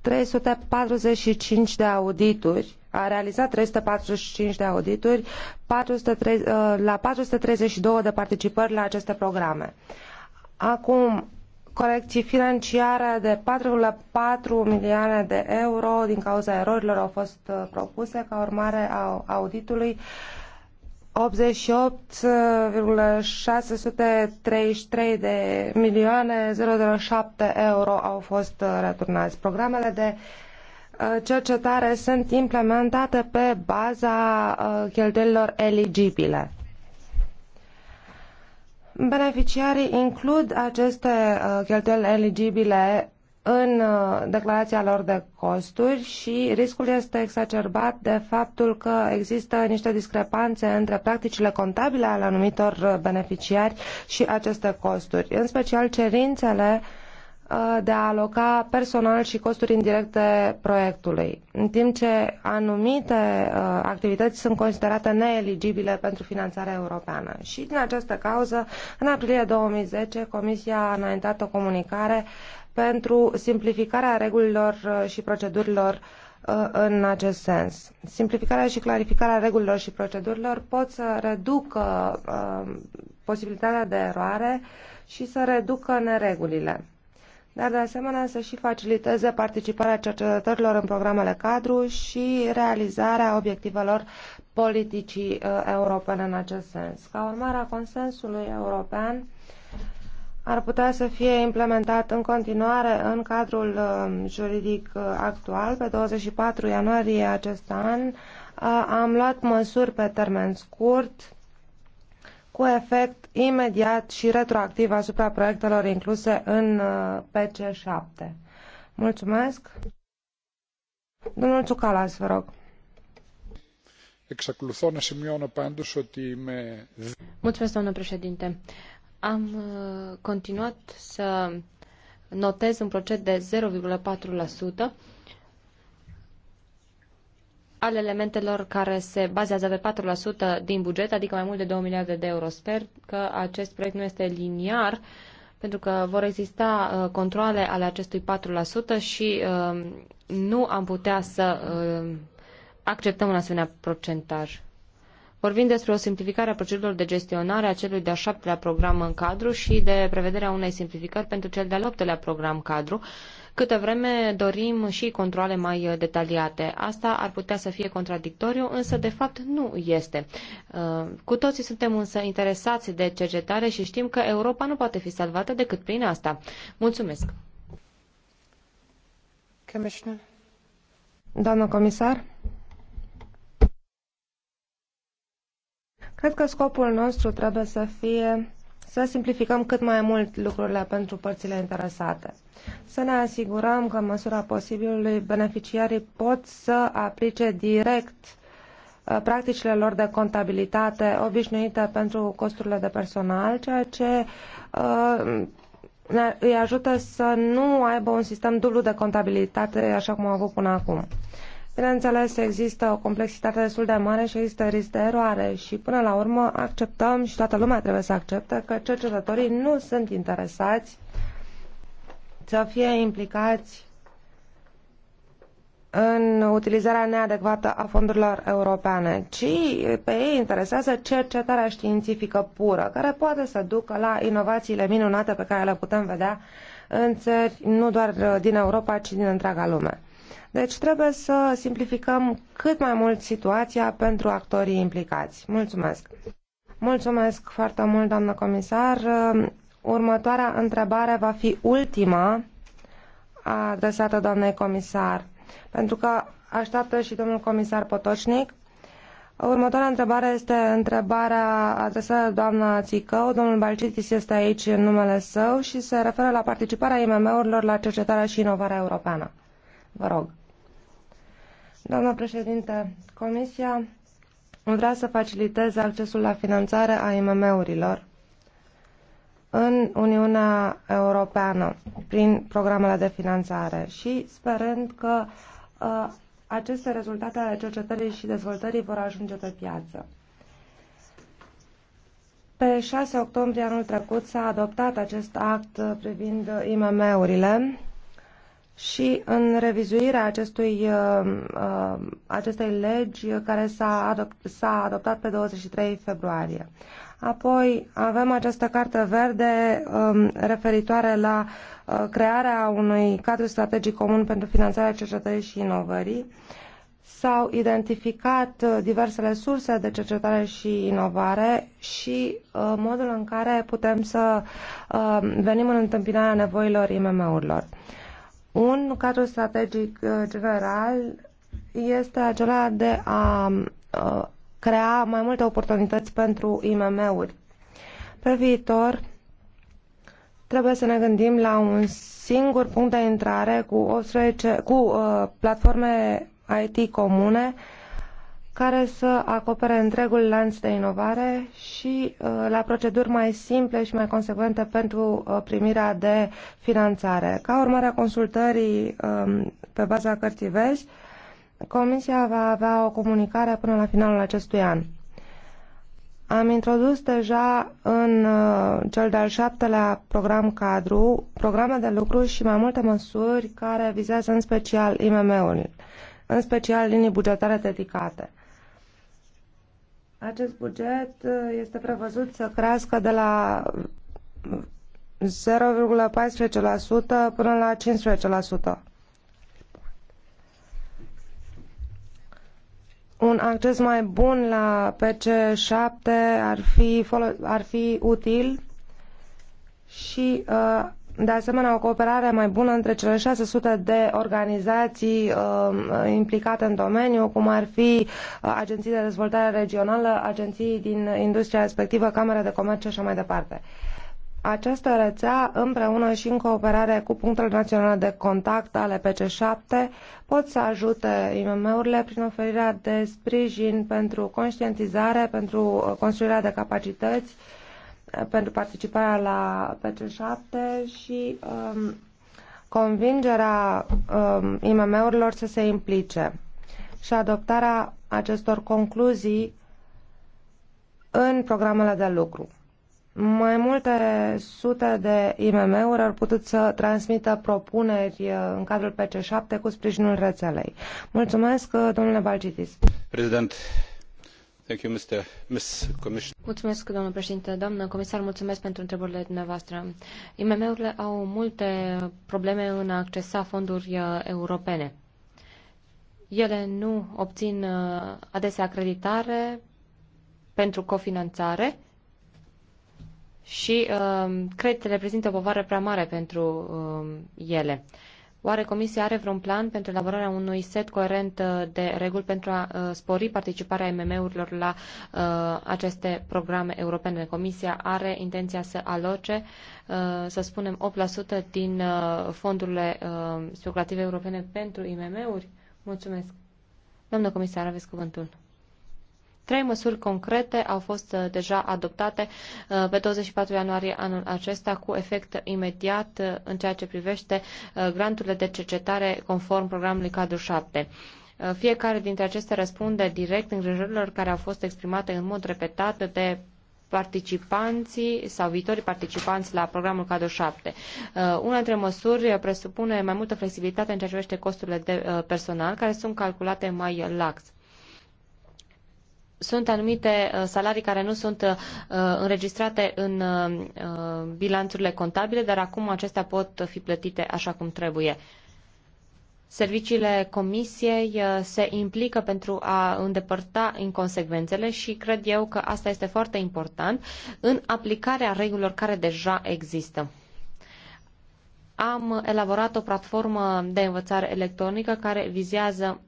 S2: 345 de audituri a realizat 345 de audituri 403, uh, la 432 de participări la aceste programe. Acum, corecții financiare de 4,4 milioane de euro din cauza erorilor au fost uh, propuse ca urmare a auditului 88,633 uh, de milioane 007 euro au fost uh, returnați. Programele de cercetare sunt implementate pe baza cheltuielilor eligibile. Beneficiarii includ aceste uh, cheltuieli eligibile în uh, declarația lor de costuri și riscul este exacerbat de faptul că există niște discrepanțe între practicile contabile ale anumitor uh, beneficiari și aceste costuri, în special cerințele uh, Uh, de a aloca personal și costuri indirecte proiectului, în timp ce anumite uh, activități sunt considerate neeligibile pentru finanțarea europeană. Și din această cauză, în aprilie 2010, Comisia a înaintat o comunicare pentru simplificarea regulilor uh, și procedurilor în acest sens. Simplificarea și clarificarea regulilor și procedurilor pot să reducă posibilitatea de eroare și să reducă neregulile dar de asemenea să și faciliteze participarea cercetătorilor în programele cadru și realizarea obiectivelor politicii uh, europene în acest sens. Ca urmare a consensului european, ar putea să fie implementat în continuare în cadrul uh, juridic uh, actual. Pe 24 ianuarie acest an am luat măsuri pe termen scurt cu efect imediat și retroactiv asupra proiectelor incluse în uh, PC7. Mulțumesc. Domnul Tsoukalas, vă rog.
S3: Εξακολουθώ να σημειώνω πάντως ότι με... Mulțumesc, domnule președinte. Am uh, continuat să notez un procent de 0,4% al elementelor care se bazează pe 4% din buget, adică mai mult de 2 miliarde de euro. Sper că acest proiect nu este liniar, pentru că vor exista uh, controle ale acestui 4% și uh, nu am putea să uh, acceptăm un asemenea procentaj. Vorbim despre o simplificare a procedurilor de gestionare a celui de-a șaptelea program în cadru și de prevederea unei simplificări pentru cel de-al optelea program cadru, câtă vreme dorim și controle mai uh, detaliate. Asta ar putea să fie contradictoriu, însă de fapt nu este. Uh, cu toții suntem însă interesați de cercetare și știm că Europa nu poate fi salvată decât prin asta. Mulțumesc!
S2: Doamnă comisar? Cred că scopul nostru trebuie să fie să simplificăm cât mai mult lucrurile pentru părțile interesate. Să ne asigurăm că, în măsura posibilului, beneficiarii pot să aplice direct uh, practicile lor de contabilitate obișnuite pentru costurile de personal, ceea ce uh, îi ajută să nu aibă un sistem dublu de contabilitate, așa cum au avut până acum. Bineînțeles, există o complexitate destul de mare și există risc de eroare și până la urmă acceptăm și toată lumea trebuie să accepte că cercetătorii nu sunt interesați să fie implicați în utilizarea neadecvată a fondurilor europene, ci pe ei interesează cercetarea științifică pură, care poate să ducă la inovațiile minunate pe care le putem vedea în țări nu doar din Europa, ci din întreaga lume. Deci trebuie să simplificăm cât mai mult situația pentru actorii implicați. Mulțumesc! Mulțumesc foarte mult, doamnă comisar. Următoarea întrebare va fi ultima adresată doamnei comisar, pentru că așteaptă și domnul comisar Potocnic. Următoarea întrebare este întrebarea adresată doamna Țicău. Domnul Balcitis este aici în numele său și se referă la participarea IMM-urilor la cercetarea și inovarea europeană. Vă rog. Doamna președinte, Comisia vrea să faciliteze accesul la finanțare a IMM-urilor în Uniunea Europeană prin programele de finanțare și sperând că uh, aceste rezultate ale cercetării și dezvoltării vor ajunge pe piață. Pe 6 octombrie anul trecut s-a adoptat acest act privind IMM-urile și în revizuirea acestui, uh, uh, acestei legi care s-a, adopt, adoptat pe 23 februarie. Apoi avem această carte verde um, referitoare la uh, crearea unui cadru strategic comun pentru finanțarea cercetării și inovării. S-au identificat diversele surse de cercetare și inovare și modul în care putem să venim în întâmpinarea nevoilor IMM-urilor. Un cadru strategic uh, general este acela de a uh, crea mai multe oportunități pentru IMM-uri. Pe viitor, trebuie să ne gândim la un singur punct de intrare cu, 18, cu uh, platforme IT comune care să acopere întregul lanț de inovare și uh, la proceduri mai simple și mai consecvente pentru uh, primirea de finanțare. Ca urmare a consultării um, pe baza cărții vezi, Comisia va avea o comunicare până la finalul acestui an. Am introdus deja în uh, cel de-al șaptelea program cadru programe de lucru și mai multe măsuri care vizează în special IMM-ul, în special linii bugetare dedicate. Acest buget uh, este prevăzut să crească de la 0,14% până la 15%. Un acces mai bun la PC7 ar fi, ar fi util și uh, de asemenea o cooperare mai bună între cele 600 de organizații uh, implicate în domeniu, cum ar fi uh, agenții de dezvoltare regională, agenții din industria respectivă, camere de comerț și așa mai departe. Această rețea, împreună și în cooperare cu punctele naționale de contact ale PC7, pot să ajute IMM-urile prin oferirea de sprijin pentru conștientizare, pentru uh, construirea de capacități, uh, pentru participarea la PC7 și um, convingerea um, IMM-urilor să se implice și adoptarea acestor concluzii în programele de lucru. Mai multe sute de IMM-uri au putut să transmită propuneri uh, în cadrul PC7 cu sprijinul rețelei. Mulțumesc, uh, domnule Balcitis.
S1: Prezident,
S3: Mulțumesc, domnule președinte. Doamnă comisar, mulțumesc pentru întrebările dumneavoastră. IMM-urile au multe probleme în a accesa fonduri uh, europene. Ele nu obțin uh, adesea acreditare pentru cofinanțare și uh, creditele reprezintă o povară prea mare pentru uh, ele. Uh, Oare Comisia are vreun plan pentru elaborarea unui set coerent uh, de reguli pentru a uh, spori participarea MM-urilor la uh, aceste programe europene? Comisia are intenția să aloce, să spunem, 8% din fondurile speculative europene pentru IMM-uri? Mulțumesc. Doamnă comisar, aveți cuvântul. Trei măsuri concrete au fost uh, deja adoptate uh, pe 24 ianuarie anul acesta cu efect imediat uh, în ceea ce privește granturile de cercetare conform programului cadru 7. Fiecare dintre acestea răspunde direct îngrijorilor care au fost exprimate în mod repetat de participanții sau viitorii participanți la programul CADO 7. Una dintre măsuri presupune mai multă flexibilitate în ceea ce privește costurile de personal, care sunt calculate mai lax sunt anumite uh, salarii care nu sunt uh, înregistrate în uh, bilanțurile contabile, dar acum acestea pot fi plătite așa cum trebuie. Serviciile comisiei se implică pentru a îndepărta inconsecvențele și cred eu că asta este foarte important în aplicarea regulilor care deja există am elaborat o platformă de învățare electronică care vizează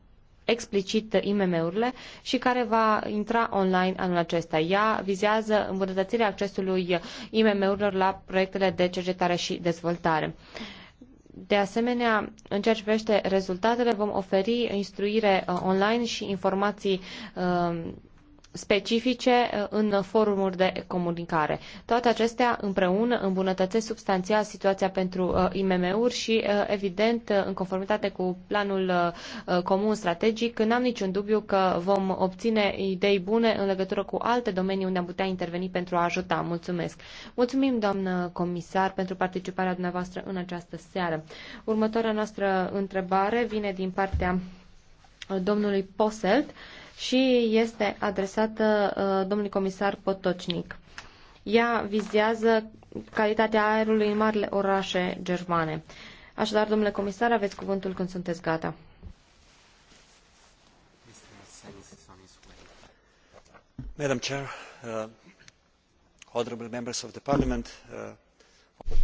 S3: explicit IMM-urile și care va intra online anul acesta. Ea vizează îmbunătățirea accesului IMM-urilor la proiectele de cercetare și dezvoltare. De asemenea, în ceea ce privește rezultatele, vom oferi instruire uh, online și informații uh, specifice uh, în forumuri de comunicare. Toate acestea împreună îmbunătățesc substanțial situația pentru uh, IMM-uri și, uh, evident, în conformitate cu planul comun strategic, n-am niciun dubiu că vom obține idei bune în legătură cu alte domenii unde am putea interveni pentru a ajuta. Mulțumesc! Mulțumim, doamnă comisar, pentru participarea dumneavoastră în această seară. Următoarea noastră întrebare vine din partea domnului Poselt și este adresată uh, domnului comisar Potocnic. Ea vizează calitatea aerului în marile orașe germane. Așadar, domnule comisar, aveți cuvântul când sunteți gata.
S1: Madam Chair, uh, honorable members of the Parliament, uh...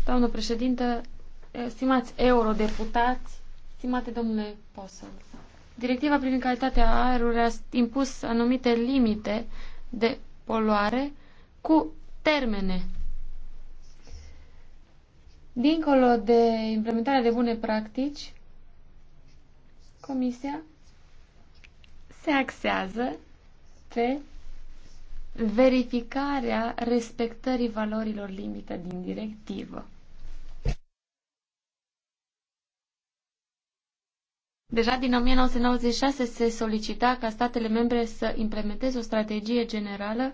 S1: Doamnă președintă, stimați eurodeputați, stimate domnule Posel, Directiva privind calitatea aerului a impus anumite limite de poluare cu termene. Dincolo de implementarea de bune practici, Comisia se axează pe verificarea respectării valorilor limită din directivă. Deja din 1996 se solicita ca statele membre să implementeze o strategie generală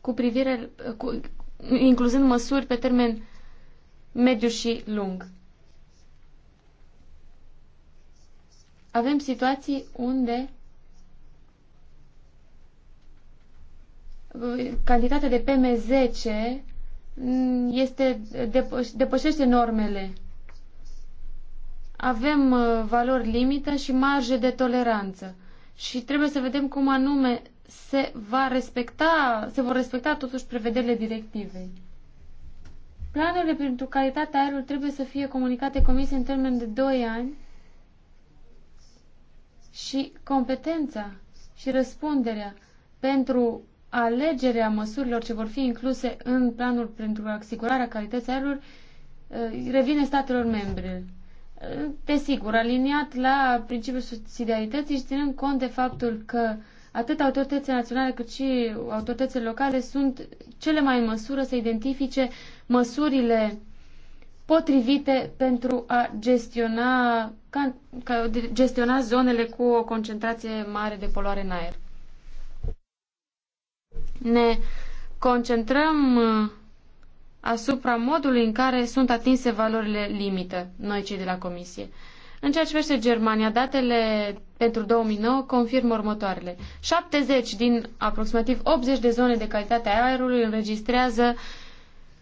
S1: cu privire, cu, incluzând măsuri pe termen mediu și lung. Avem situații unde cantitatea de PM10 este, depășește normele avem uh, valori limită și marge de toleranță. Și trebuie să vedem cum anume se, va respecta, se vor respecta totuși prevederile directivei. Planurile pentru calitatea aerului trebuie să fie comunicate comisiei în termen de 2 ani și competența și răspunderea pentru alegerea măsurilor ce vor fi incluse în planul pentru asigurarea calității aerului uh, revine statelor membre desigur, aliniat la principiul subsidiarității și ținând cont de faptul că atât autoritățile naționale cât și autoritățile locale sunt cele mai în măsură să identifice măsurile potrivite pentru a gestiona, ca, ca, gestiona zonele cu o concentrație mare de poluare în aer. Ne concentrăm asupra modului în care sunt atinse valorile limită, noi cei de la Comisie. În ceea ce privește Germania, datele pentru 2009 confirmă următoarele. 70 din aproximativ 80 de zone de calitate a aerului înregistrează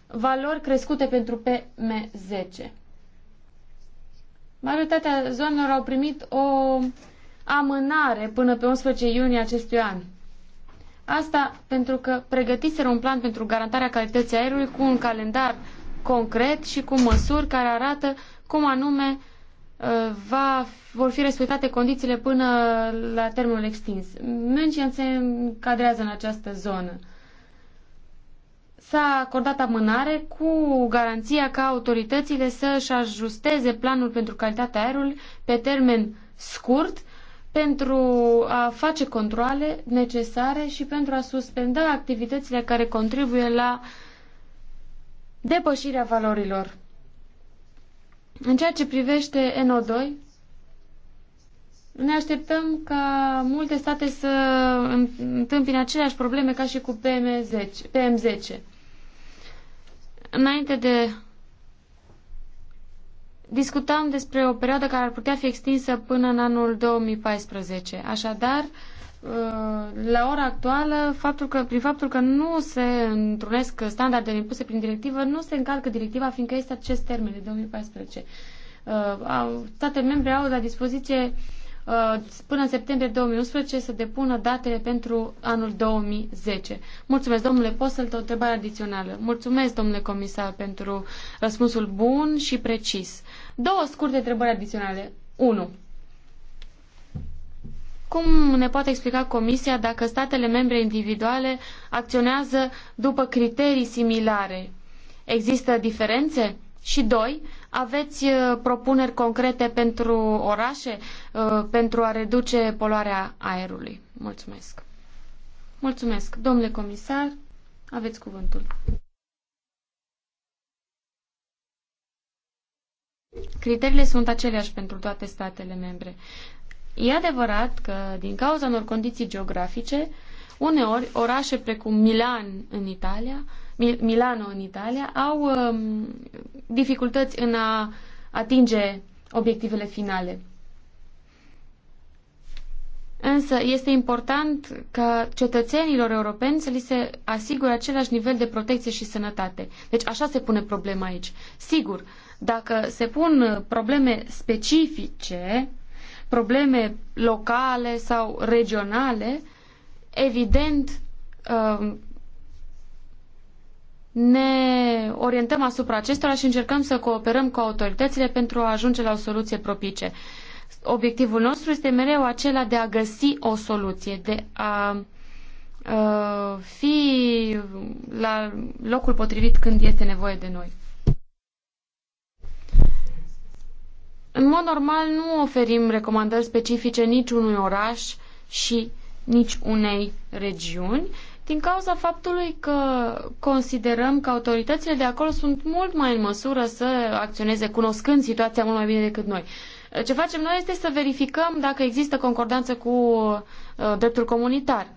S1: valori crescute pentru PM10. Majoritatea zonelor au primit o amânare până pe 11 iunie acestui an Asta pentru că pregătiseră un plan pentru garantarea calității aerului cu un calendar concret și cu măsuri care arată cum anume uh, va, vor fi respectate condițiile până la termenul extins. München se încadrează în această zonă. S-a acordat amânare cu garanția ca autoritățile să-și ajusteze planul pentru calitatea aerului pe termen scurt pentru a face controle necesare și pentru a suspenda activitățile care contribuie la depășirea valorilor. În ceea ce privește NO2, ne așteptăm ca multe state să întâmpine aceleași probleme ca și cu PM10. PM10. Înainte de Discutam despre o perioadă care ar putea fi extinsă până în anul 2014. Așadar, uh, la ora actuală, faptul că, prin faptul că nu se întrunesc standardele impuse prin directivă, nu se încalcă directiva, fiindcă este acest termen de 2014. Uh, Statele membre au la dispoziție uh, până în septembrie 2011 să depună datele pentru anul 2010. Mulțumesc, domnule Postel, o întrebare adițională. Mulțumesc, domnule comisar, pentru răspunsul bun și precis. Două scurte întrebări adiționale. 1. Cum ne poate explica Comisia dacă statele membre individuale acționează după criterii similare? Există diferențe? Și doi, aveți uh, propuneri concrete pentru orașe uh, pentru a reduce poluarea aerului? Mulțumesc. Mulțumesc. Domnule comisar, aveți cuvântul. Criteriile sunt aceleași pentru toate statele membre. E adevărat că, din cauza unor condiții geografice, uneori orașe precum Milan în Italia, Milano în Italia, au um, dificultăți în a atinge obiectivele finale. Însă este important ca cetățenilor europeni să li se asigure același nivel de protecție și sănătate. Deci așa se pune problema aici. Sigur, uh, dacă se pun uh, probleme specifice, probleme locale sau regionale, evident uh, ne orientăm asupra acestora și încercăm să cooperăm cu autoritățile pentru a ajunge la o soluție propice. Obiectivul nostru este mereu acela de a găsi o soluție, de a uh, fi la locul potrivit când este nevoie de noi. În mod normal nu oferim recomandări specifice niciunui oraș și nici unei regiuni, din cauza faptului că considerăm că autoritățile de acolo sunt mult mai în măsură să acționeze cunoscând situația mult mai bine decât noi. Ce facem noi este să verificăm dacă există concordanță cu uh, dreptul comunitar.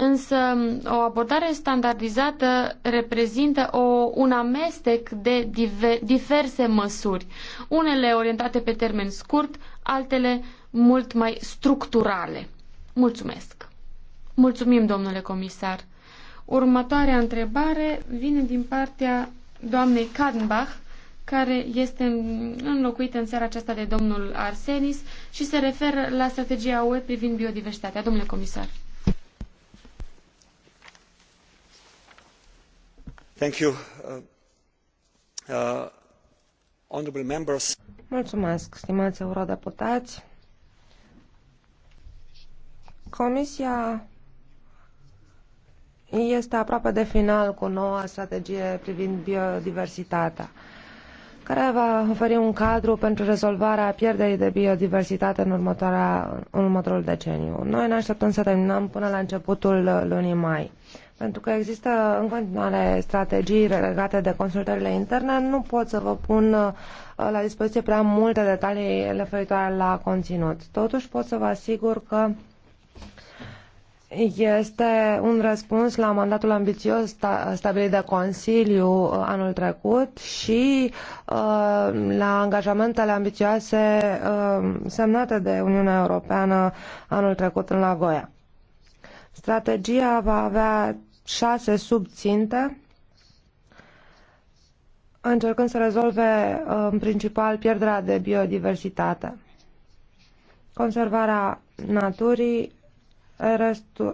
S1: Însă o abordare standardizată reprezintă o, un amestec de diver, diverse măsuri, unele orientate pe termen scurt, altele mult mai structurale. Mulțumesc! Mulțumim, domnule comisar! Următoarea întrebare vine din partea doamnei Kadenbach, care este înlocuită în seara aceasta de domnul Arsenis și se referă la strategia UE privind biodiversitatea. Domnule comisar!
S3: Uh, uh,
S2: Mulțumesc, stimați eurodeputați. Comisia este aproape de final cu noua strategie privind biodiversitatea, care va oferi un cadru pentru rezolvarea pierderii de biodiversitate în, în următorul deceniu. Noi ne așteptăm să terminăm până la începutul lunii mai pentru că există în continuare strategii legate de consultările interne, nu pot să vă pun uh, la dispoziție prea multe detalii referitoare la conținut. Totuși pot să vă asigur că este un răspuns la mandatul ambițios stabilit de Consiliu uh, anul trecut și uh, la angajamentele ambițioase semnate de Uniunea Europeană anul trecut în Lagoia. Strategia va avea 6 sub ținte, încercând să rezolve în principal pierderea de biodiversitate, conservarea naturii,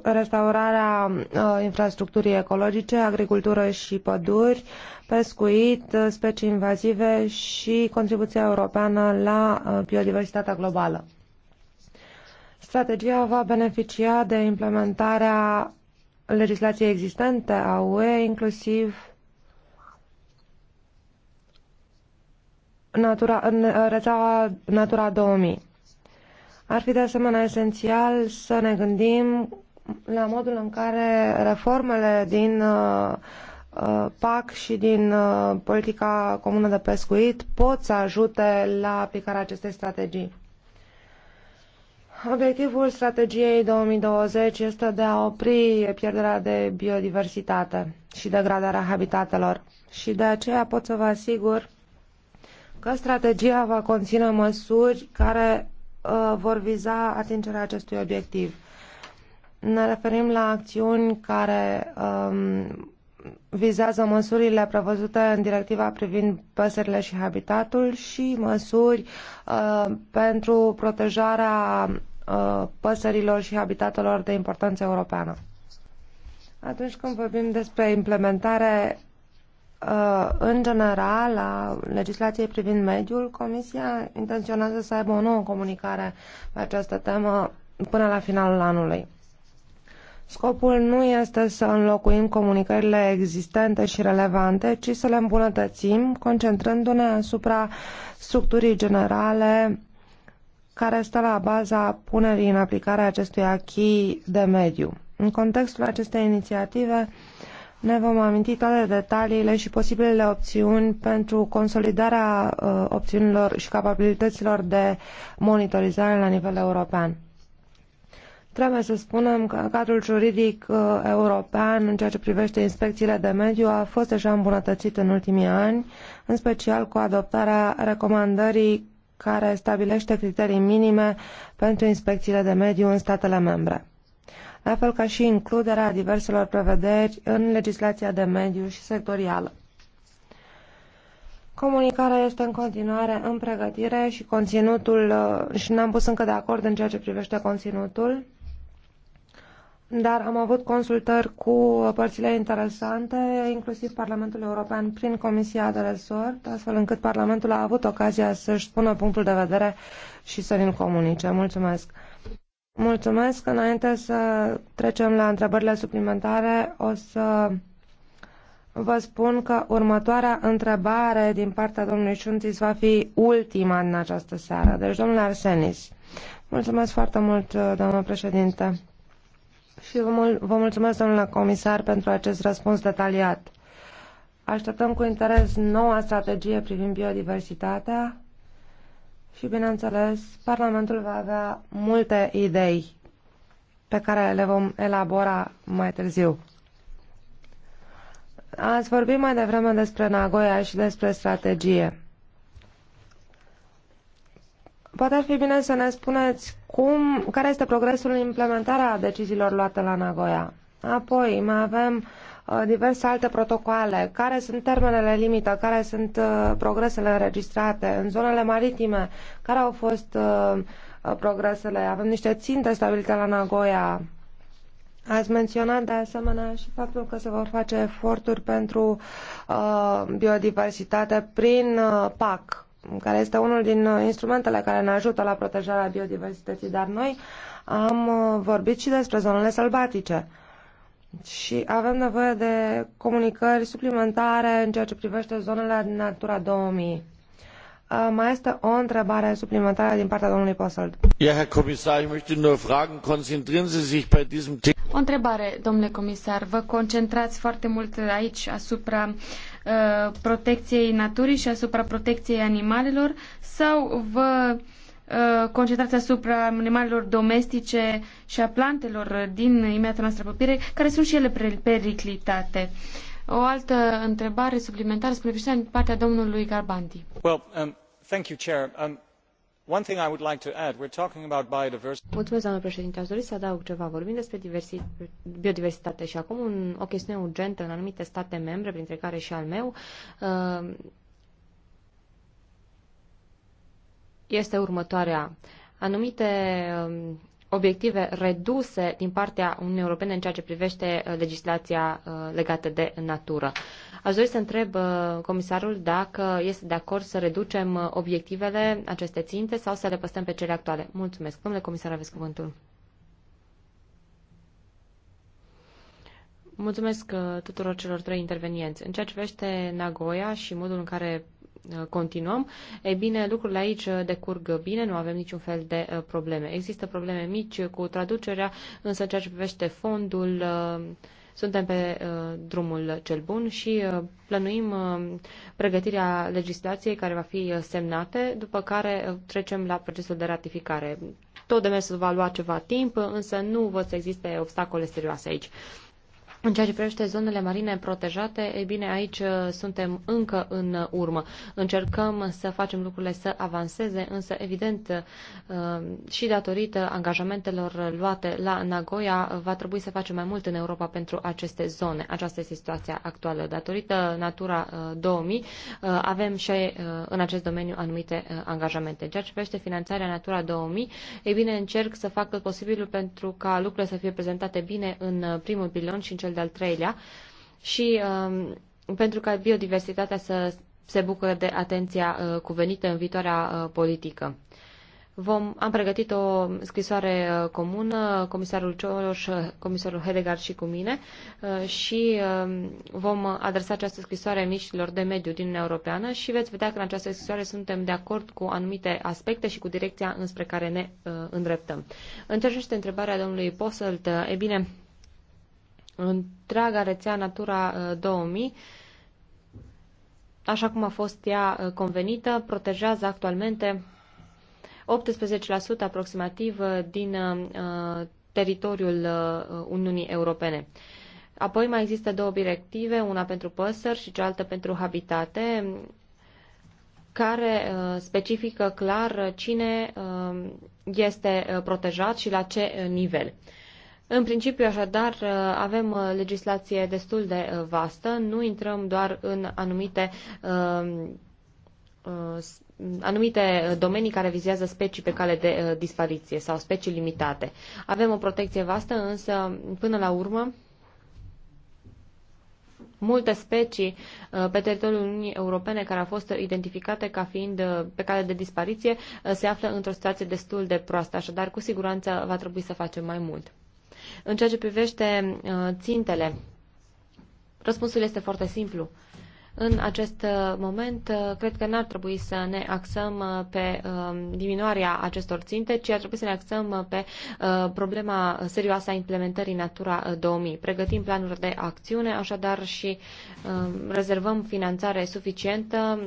S2: restaurarea uh, infrastructurii ecologice, agricultură și păduri, pescuit, uh, specii invazive și contribuția europeană la uh, biodiversitatea globală. Strategia va beneficia de implementarea Legislația existentă, a UE, inclusiv natura, în rețeaua Natura 2000. Ar fi de asemenea esențial să ne gândim la modul în care reformele din uh, uh, PAC și din uh, politica comună de pescuit pot să ajute la aplicarea acestei strategii. Obiectivul strategiei 2020 este de a opri pierderea de biodiversitate și degradarea habitatelor și de aceea pot să vă asigur că strategia va conține măsuri care uh, vor viza atingerea acestui obiectiv. Ne referim la acțiuni care um, vizează măsurile prevăzute în directiva privind păsările și habitatul și măsuri uh, pentru protejarea Uh, păsărilor și habitatelor de importanță europeană. Atunci când vorbim despre implementare uh, în general a legislației privind mediul, Comisia intenționează să aibă o nouă comunicare pe această temă până la finalul anului. Scopul nu este să înlocuim comunicările existente și relevante, ci să le îmbunătățim, concentrându-ne asupra structurii generale care stă la baza punerii în aplicare a acestui achii de mediu. În contextul acestei inițiative ne vom aminti toate detaliile și posibilele opțiuni pentru consolidarea uh, opțiunilor și capabilităților de monitorizare la nivel european. Trebuie să spunem că cadrul juridic uh, european în ceea ce privește inspecțiile de mediu a fost deja îmbunătățit în ultimii ani, în special cu adoptarea recomandării care stabilește criterii minime pentru inspecțiile de mediu în statele membre, la fel ca și includerea diverselor prevederi în legislația de mediu și sectorială. Comunicarea este în continuare în pregătire și conținutul uh, și n-am pus încă de acord în ceea ce privește conținutul dar am avut consultări cu părțile interesante, inclusiv Parlamentul European prin Comisia de Resort, astfel încât Parlamentul a avut ocazia să-și spună punctul de vedere și să-l comunice. Mulțumesc! Mulțumesc! Înainte să trecem la întrebările suplimentare, o să vă spun că următoarea întrebare din partea domnului Șunțis va fi ultima în această seară. Deci, domnule Arsenis, mulțumesc foarte mult, doamnă președinte! și vă, mul- mulțumesc, domnule comisar, pentru acest răspuns detaliat. Așteptăm cu interes noua strategie privind biodiversitatea și, bineînțeles, Parlamentul va avea multe idei pe care le vom elabora mai târziu. Ați vorbit mai devreme despre Nagoya și despre strategie. Poate ar fi bine să ne spuneți cum, care este progresul în implementarea deciziilor luate la Nagoya. Apoi mai avem uh, diverse alte protocoale, care sunt termenele limită, care sunt uh, progresele înregistrate în zonele maritime, care au fost uh, progresele, avem niște ținte stabilite la Nagoya. Ați menționat de asemenea și faptul că se vor face eforturi pentru uh, biodiversitate prin uh, PAC care este unul din uh, instrumentele care ne ajută la protejarea biodiversității, dar noi am uh, vorbit și despre zonele sălbatice. Și avem nevoie de comunicări suplimentare în ceea ce privește zonele din Natura 2000. Uh, mai este o întrebare
S1: suplimentară din partea domnului Posselt. O întrebare, domnule comisar. Vă concentrați foarte mult aici asupra uh, protecției naturii și asupra protecției animalelor sau vă uh, concentrați asupra animalelor domestice și a plantelor din imediata noastră apropiere, care sunt și ele periclitate? O altă întrebare suplimentară spre din partea domnului Garbanti.
S3: Well, um... Um, domnule președinte aș dori să adaug ceva. vorbim despre biodiversitate și acum o chestiune urgentă în anumite state membre, printre care și al meu, um, este următoarea. Anumite um, obiective reduse din partea Uniunii Europene în ceea ce privește uh, legislația uh, legată de natură. Aș dori să întreb uh, comisarul dacă este de acord să reducem obiectivele aceste ținte sau să le păstăm pe cele actuale. Mulțumesc. Domnule comisar, aveți cuvântul. Mulțumesc tuturor celor trei intervenienți. În ceea ce privește Nagoya și modul în care Uh, continuăm, e bine, lucrurile aici uh, decurg bine, nu avem niciun fel de uh, probleme. Există probleme mici cu traducerea, însă ceea ce privește fondul, suntem pe drumul cel bun și plănuim pregătirea legislației care va fi semnate, după care trecem la procesul de ratificare. Tot demersul va lua ceva timp, însă nu văd să existe obstacole serioase aici. În ceea ce privește zonele marine protejate, e bine, aici uh, suntem încă în uh, urmă. Încercăm să facem lucrurile să avanseze, însă, evident, uh, și datorită angajamentelor luate la Nagoya, va trebui să facem mai mult în Europa pentru aceste zone. Aceasta este situația actuală. Datorită Natura 2000, avem și în acest domeniu anumite angajamente. În ceea ce privește finanțarea Natura 2000, e bine, încerc să fac tot posibilul pentru ca lucrurile să fie prezentate bine în primul bilion și în cel de-al treilea și um, pentru ca biodiversitatea să se bucure de atenția uh, cuvenită în viitoarea uh, politică. Vom, am pregătit o scrisoare uh, comună, comisarul Cioloș, uh, comisarul Hedegar și cu mine uh, și uh, vom adresa această scrisoare miștilor de mediu din Uniunea Europeană și veți vedea că în această scrisoare suntem de acord cu anumite aspecte și cu direcția înspre care ne uh, îndreptăm. În întrebarea domnului Posselt, uh, e bine, întreaga rețea Natura 2000, uh, așa cum a fost ea uh, convenită, protejează actualmente 18% aproximativ uh, din teritoriul Uniunii Europene. Apoi mai există două directive, una pentru păsări și cealaltă pentru habitate, care specifică clar cine este protejat și la ce nivel. În principiu, așadar, avem uh, legislație destul de uh, vastă, nu intrăm doar în anumite um, uh, anumite domenii care vizează specii pe cale de dispariție sau specii limitate. Avem o protecție vastă, însă, până la urmă, multe specii pe teritoriul Uniunii Europene care au fost identificate ca fiind pe cale de dispariție se află într-o situație destul de proastă, așadar cu siguranță va trebui să facem mai mult. În ceea ce privește uh, țintele, răspunsul este foarte simplu. În acest uh, moment, uh, cred că n-ar trebui să ne axăm pe um, diminuarea acestor ținte, ci ar trebui să ne axăm pe problema serioasă a implementării Natura 2000. Pregătim planuri de acțiune, așadar și um, rezervăm finanțare suficientă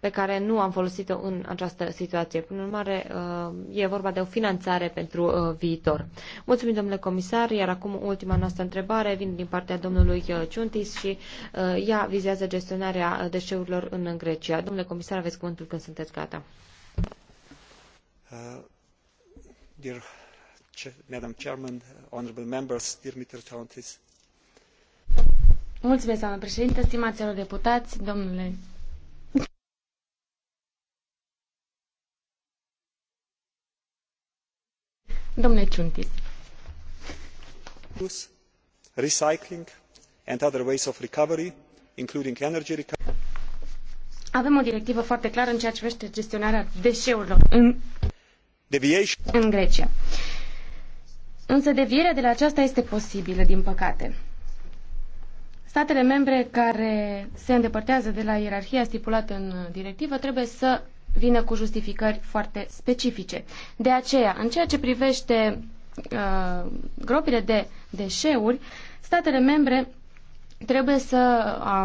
S3: pe care nu am folosit-o în această situație. Prin urmare, uh, e vorba de o finanțare pentru uh, viitor. Mulțumim, domnule comisar, iar acum ultima noastră întrebare vine din partea domnului uh, Ciuntis și ea vizează gestionarea deșeurilor în Grecia. Domnule comisar, aveți cuvântul când sunteți gata.
S1: Uh, dear Madam Chairman, honorable members, dear Mr. Ciuntis. Mulțumesc, doamnă președinte, stimați deputați, domnule Domnule Ciuntis.
S3: Recycling and other ways of recovery,
S1: including energy recovery. Avem o directivă foarte clară în ceea ce privește gestionarea deșeurilor în, Deviation. în Grecia. Însă devierea de la aceasta este posibilă, din păcate. Statele membre care se îndepărtează de la ierarhia stipulată în directivă trebuie să vine cu justificări foarte specifice. De aceea, în ceea ce privește uh, gropile de deșeuri, statele membre trebuie să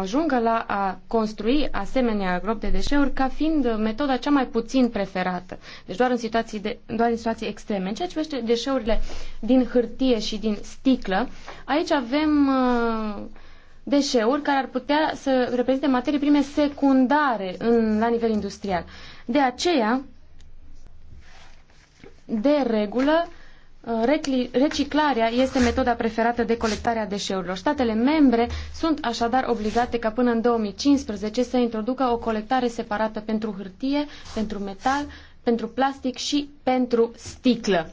S1: ajungă la a construi asemenea gropi de deșeuri ca fiind metoda cea mai puțin preferată. Deci doar în situații, de, doar în situații extreme. În ceea ce privește deșeurile din hârtie și din sticlă, aici avem uh, deșeuri care ar putea să reprezinte materii prime secundare în, la nivel industrial. De aceea, de regulă, reciclarea este metoda preferată de colectare a deșeurilor. Statele membre sunt așadar obligate ca până în 2015 să introducă o colectare separată pentru hârtie, pentru metal, pentru plastic și pentru sticlă.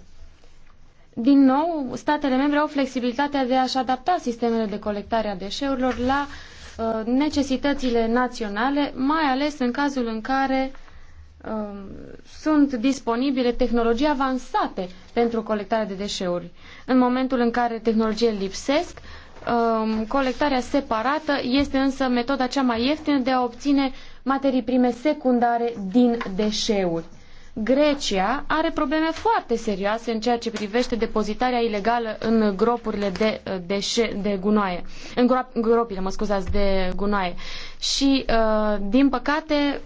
S1: Din nou, statele membre au flexibilitatea de a-și adapta sistemele de colectare a deșeurilor la uh, necesitățile naționale, mai ales în cazul în care Um, sunt disponibile tehnologii avansate pentru colectarea de deșeuri. În momentul în care tehnologiile lipsesc, um, colectarea separată este însă metoda cea mai ieftină de a obține materii prime secundare din deșeuri. Grecia are probleme foarte serioase în ceea ce privește depozitarea ilegală în gropurile de, uh, deșe- de gunoaie, în gropile, mă scuzați, de gunoaie. Și, uh, din păcate,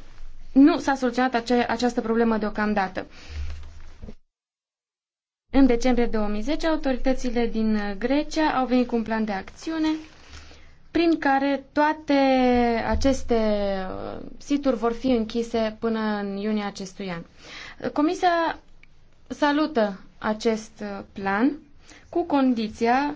S1: nu s-a soluționat ace- această problemă deocamdată. În decembrie 2010, autoritățile din Grecia au venit cu un plan de acțiune prin care toate aceste uh, situri vor fi închise până în iunie acestui an. Comisia salută acest uh, plan cu condiția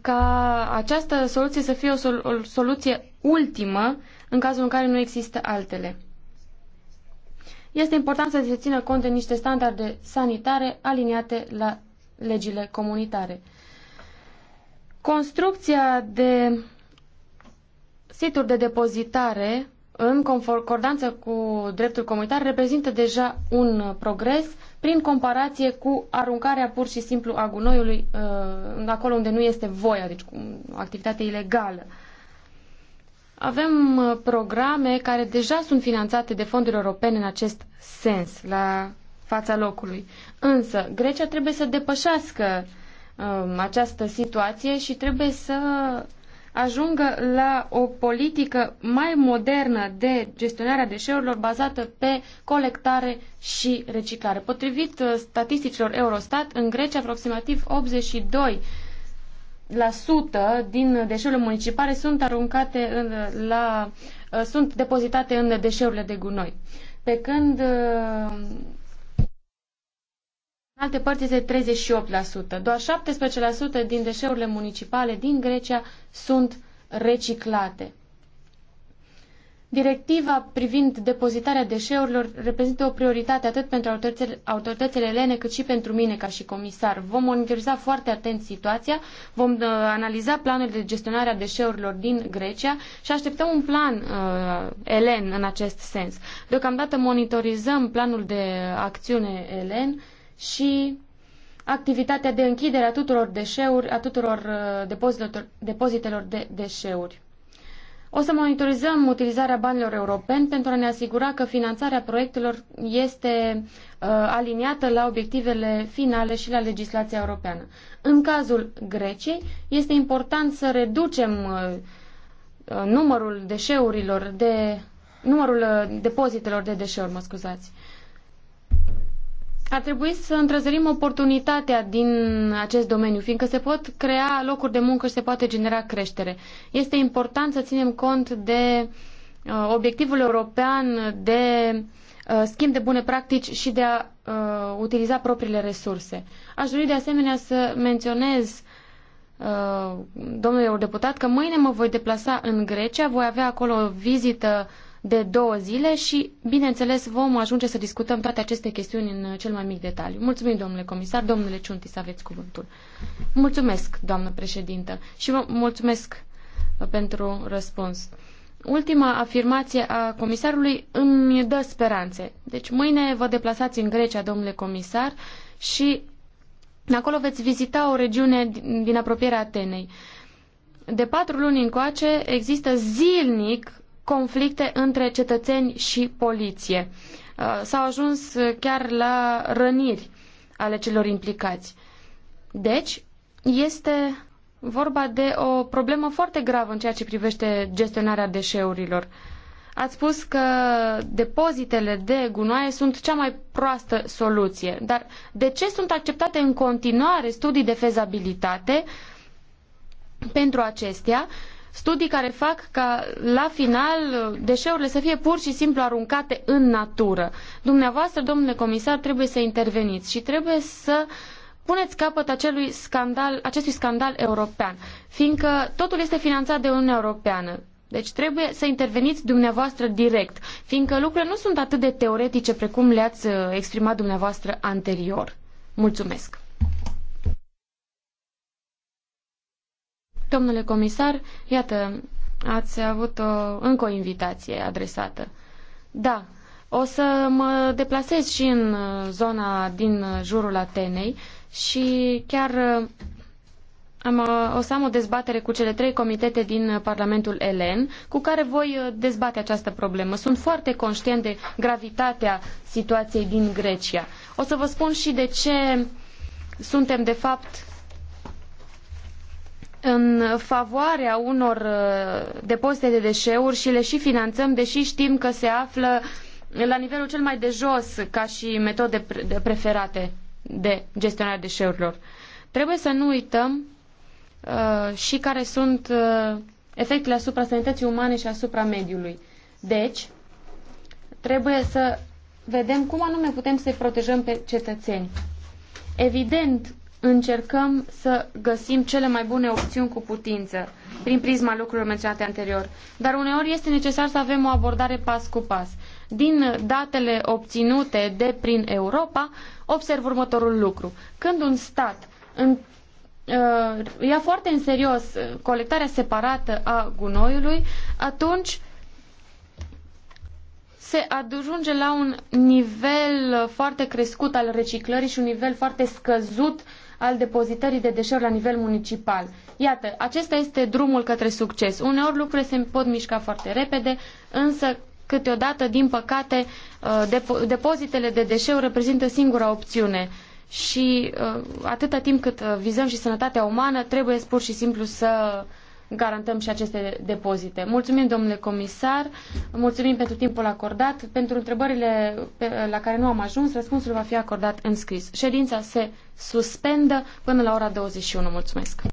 S1: ca această soluție să fie o, o soluție ultimă în cazul în care nu există altele. Este important să se țină cont de niște standarde sanitare aliniate la legile comunitare. Construcția de situri de depozitare în concordanță cu dreptul comunitar reprezintă deja un progres prin comparație cu aruncarea pur și simplu a gunoiului uh, acolo unde nu este voia, deci cu activitate ilegală. Avem uh, programe care deja sunt finanțate de fonduri europene în acest sens, la fața locului. Însă, Grecia trebuie să depășească um, această situație și trebuie să ajungă la o politică mai modernă de gestionarea deșeurilor bazată pe colectare și reciclare. Potrivit uh, statisticilor Eurostat, în Grecia aproximativ 82 din deșeurile municipale sunt aruncate în, la, uh, sunt depozitate în deșeurile de gunoi. Pe când uh, în alte părți este 38%. Doar 17% din deșeurile municipale din Grecia sunt reciclate. Directiva privind depozitarea deșeurilor reprezintă o prioritate atât pentru autoritățile, autoritățile elene cât și pentru mine ca și comisar. Vom monitoriza foarte atent situația, vom uh, analiza planul de gestionare a deșeurilor din Grecia și așteptăm un plan uh, elen în acest sens. Deocamdată monitorizăm planul de acțiune elen și activitatea de închidere a tuturor deșeuri, a tuturor uh, depozitelor, depozitelor de deșeuri. O să monitorizăm utilizarea banilor europeni pentru a ne asigura că finanțarea proiectelor este uh, aliniată la obiectivele finale și la legislația europeană. În cazul Greciei, este important să reducem uh, uh numărul deșeurilor de numărul uh, depozitelor de deșeuri, mă scuzați ar trebui să întrezărim oportunitatea din acest domeniu, fiindcă se pot crea locuri de muncă și se poate genera creștere. Este important să ținem cont de uh, obiectivul european de uh, schimb de bune practici și de a uh, utiliza propriile resurse. Aș dori de asemenea să menționez uh, domnule deputat, că mâine mă voi deplasa în Grecia, voi avea acolo o vizită de două zile și, bineînțeles, vom ajunge să discutăm toate aceste chestiuni în cel mai mic detaliu. Mulțumim, domnule comisar. Domnule Ciunti, să aveți cuvântul. Mulțumesc, doamnă președintă, și vă mulțumesc uh, pentru răspuns. Ultima afirmație a comisarului îmi dă speranțe. Deci mâine vă deplasați în Grecia, domnule comisar, și acolo veți vizita o regiune din apropierea Atenei. De patru luni încoace există zilnic conflicte între cetățeni și poliție. Uh, s-au ajuns chiar la răniri ale celor implicați. Deci, este vorba de o problemă foarte gravă în ceea ce privește gestionarea deșeurilor. Ați spus că depozitele de gunoaie sunt cea mai proastă soluție, dar de ce sunt acceptate în continuare studii de fezabilitate pentru acestea studii care fac ca la final deșeurile să fie pur și simplu aruncate în natură. Dumneavoastră, domnule comisar, trebuie să interveniți și trebuie să puneți capăt acelui scandal, acestui scandal european, fiindcă totul este finanțat de Uniunea Europeană. Deci trebuie să interveniți dumneavoastră direct, fiindcă lucrurile nu sunt atât de teoretice precum le-ați uh, exprimat dumneavoastră anterior. Mulțumesc! Domnule comisar, iată, ați avut o, încă o invitație adresată. Da, o să mă deplasez și în uh, zona din jurul Atenei și chiar uh, am, uh, o să am o dezbatere cu cele trei comitete din Parlamentul Elen, cu care voi dezbate această problemă. Sunt foarte conștient de gravitatea situației din Grecia. O să vă spun și de ce suntem, de fapt, în favoarea unor uh, depozite de deșeuri și le și finanțăm, deși știm că se află la nivelul cel mai de jos ca și metode preferate de gestionare deșeurilor. Trebuie să nu uităm uh, și care sunt uh, efectele asupra sănătății umane și asupra mediului. Deci, trebuie să vedem cum anume putem să-i protejăm pe cetățeni. Evident încercăm să găsim cele mai bune opțiuni cu putință, prin prisma lucrurilor menționate anterior. Dar uneori este necesar să avem o abordare pas cu pas. Din datele obținute de prin Europa, observ următorul lucru. Când un stat în, uh, ia foarte în serios uh, colectarea separată a gunoiului, atunci se ajunge la un nivel foarte crescut al reciclării și un nivel foarte scăzut uh, al depozitării de deșeuri la nivel municipal. Iată, acesta este drumul către succes. Uneori lucrurile se pot mișca foarte repede, însă câteodată, din păcate, uh, depozitele de deșeuri reprezintă singura opțiune și uh, atâta timp cât uh, vizăm și sănătatea umană, trebuie pur și simplu să garantăm și aceste depozite. Mulțumim, domnule comisar, mulțumim pentru timpul acordat. Pentru întrebările pe, la care nu am ajuns, răspunsul va fi acordat în scris. Ședința se suspendă până la ora 21. Mulțumesc!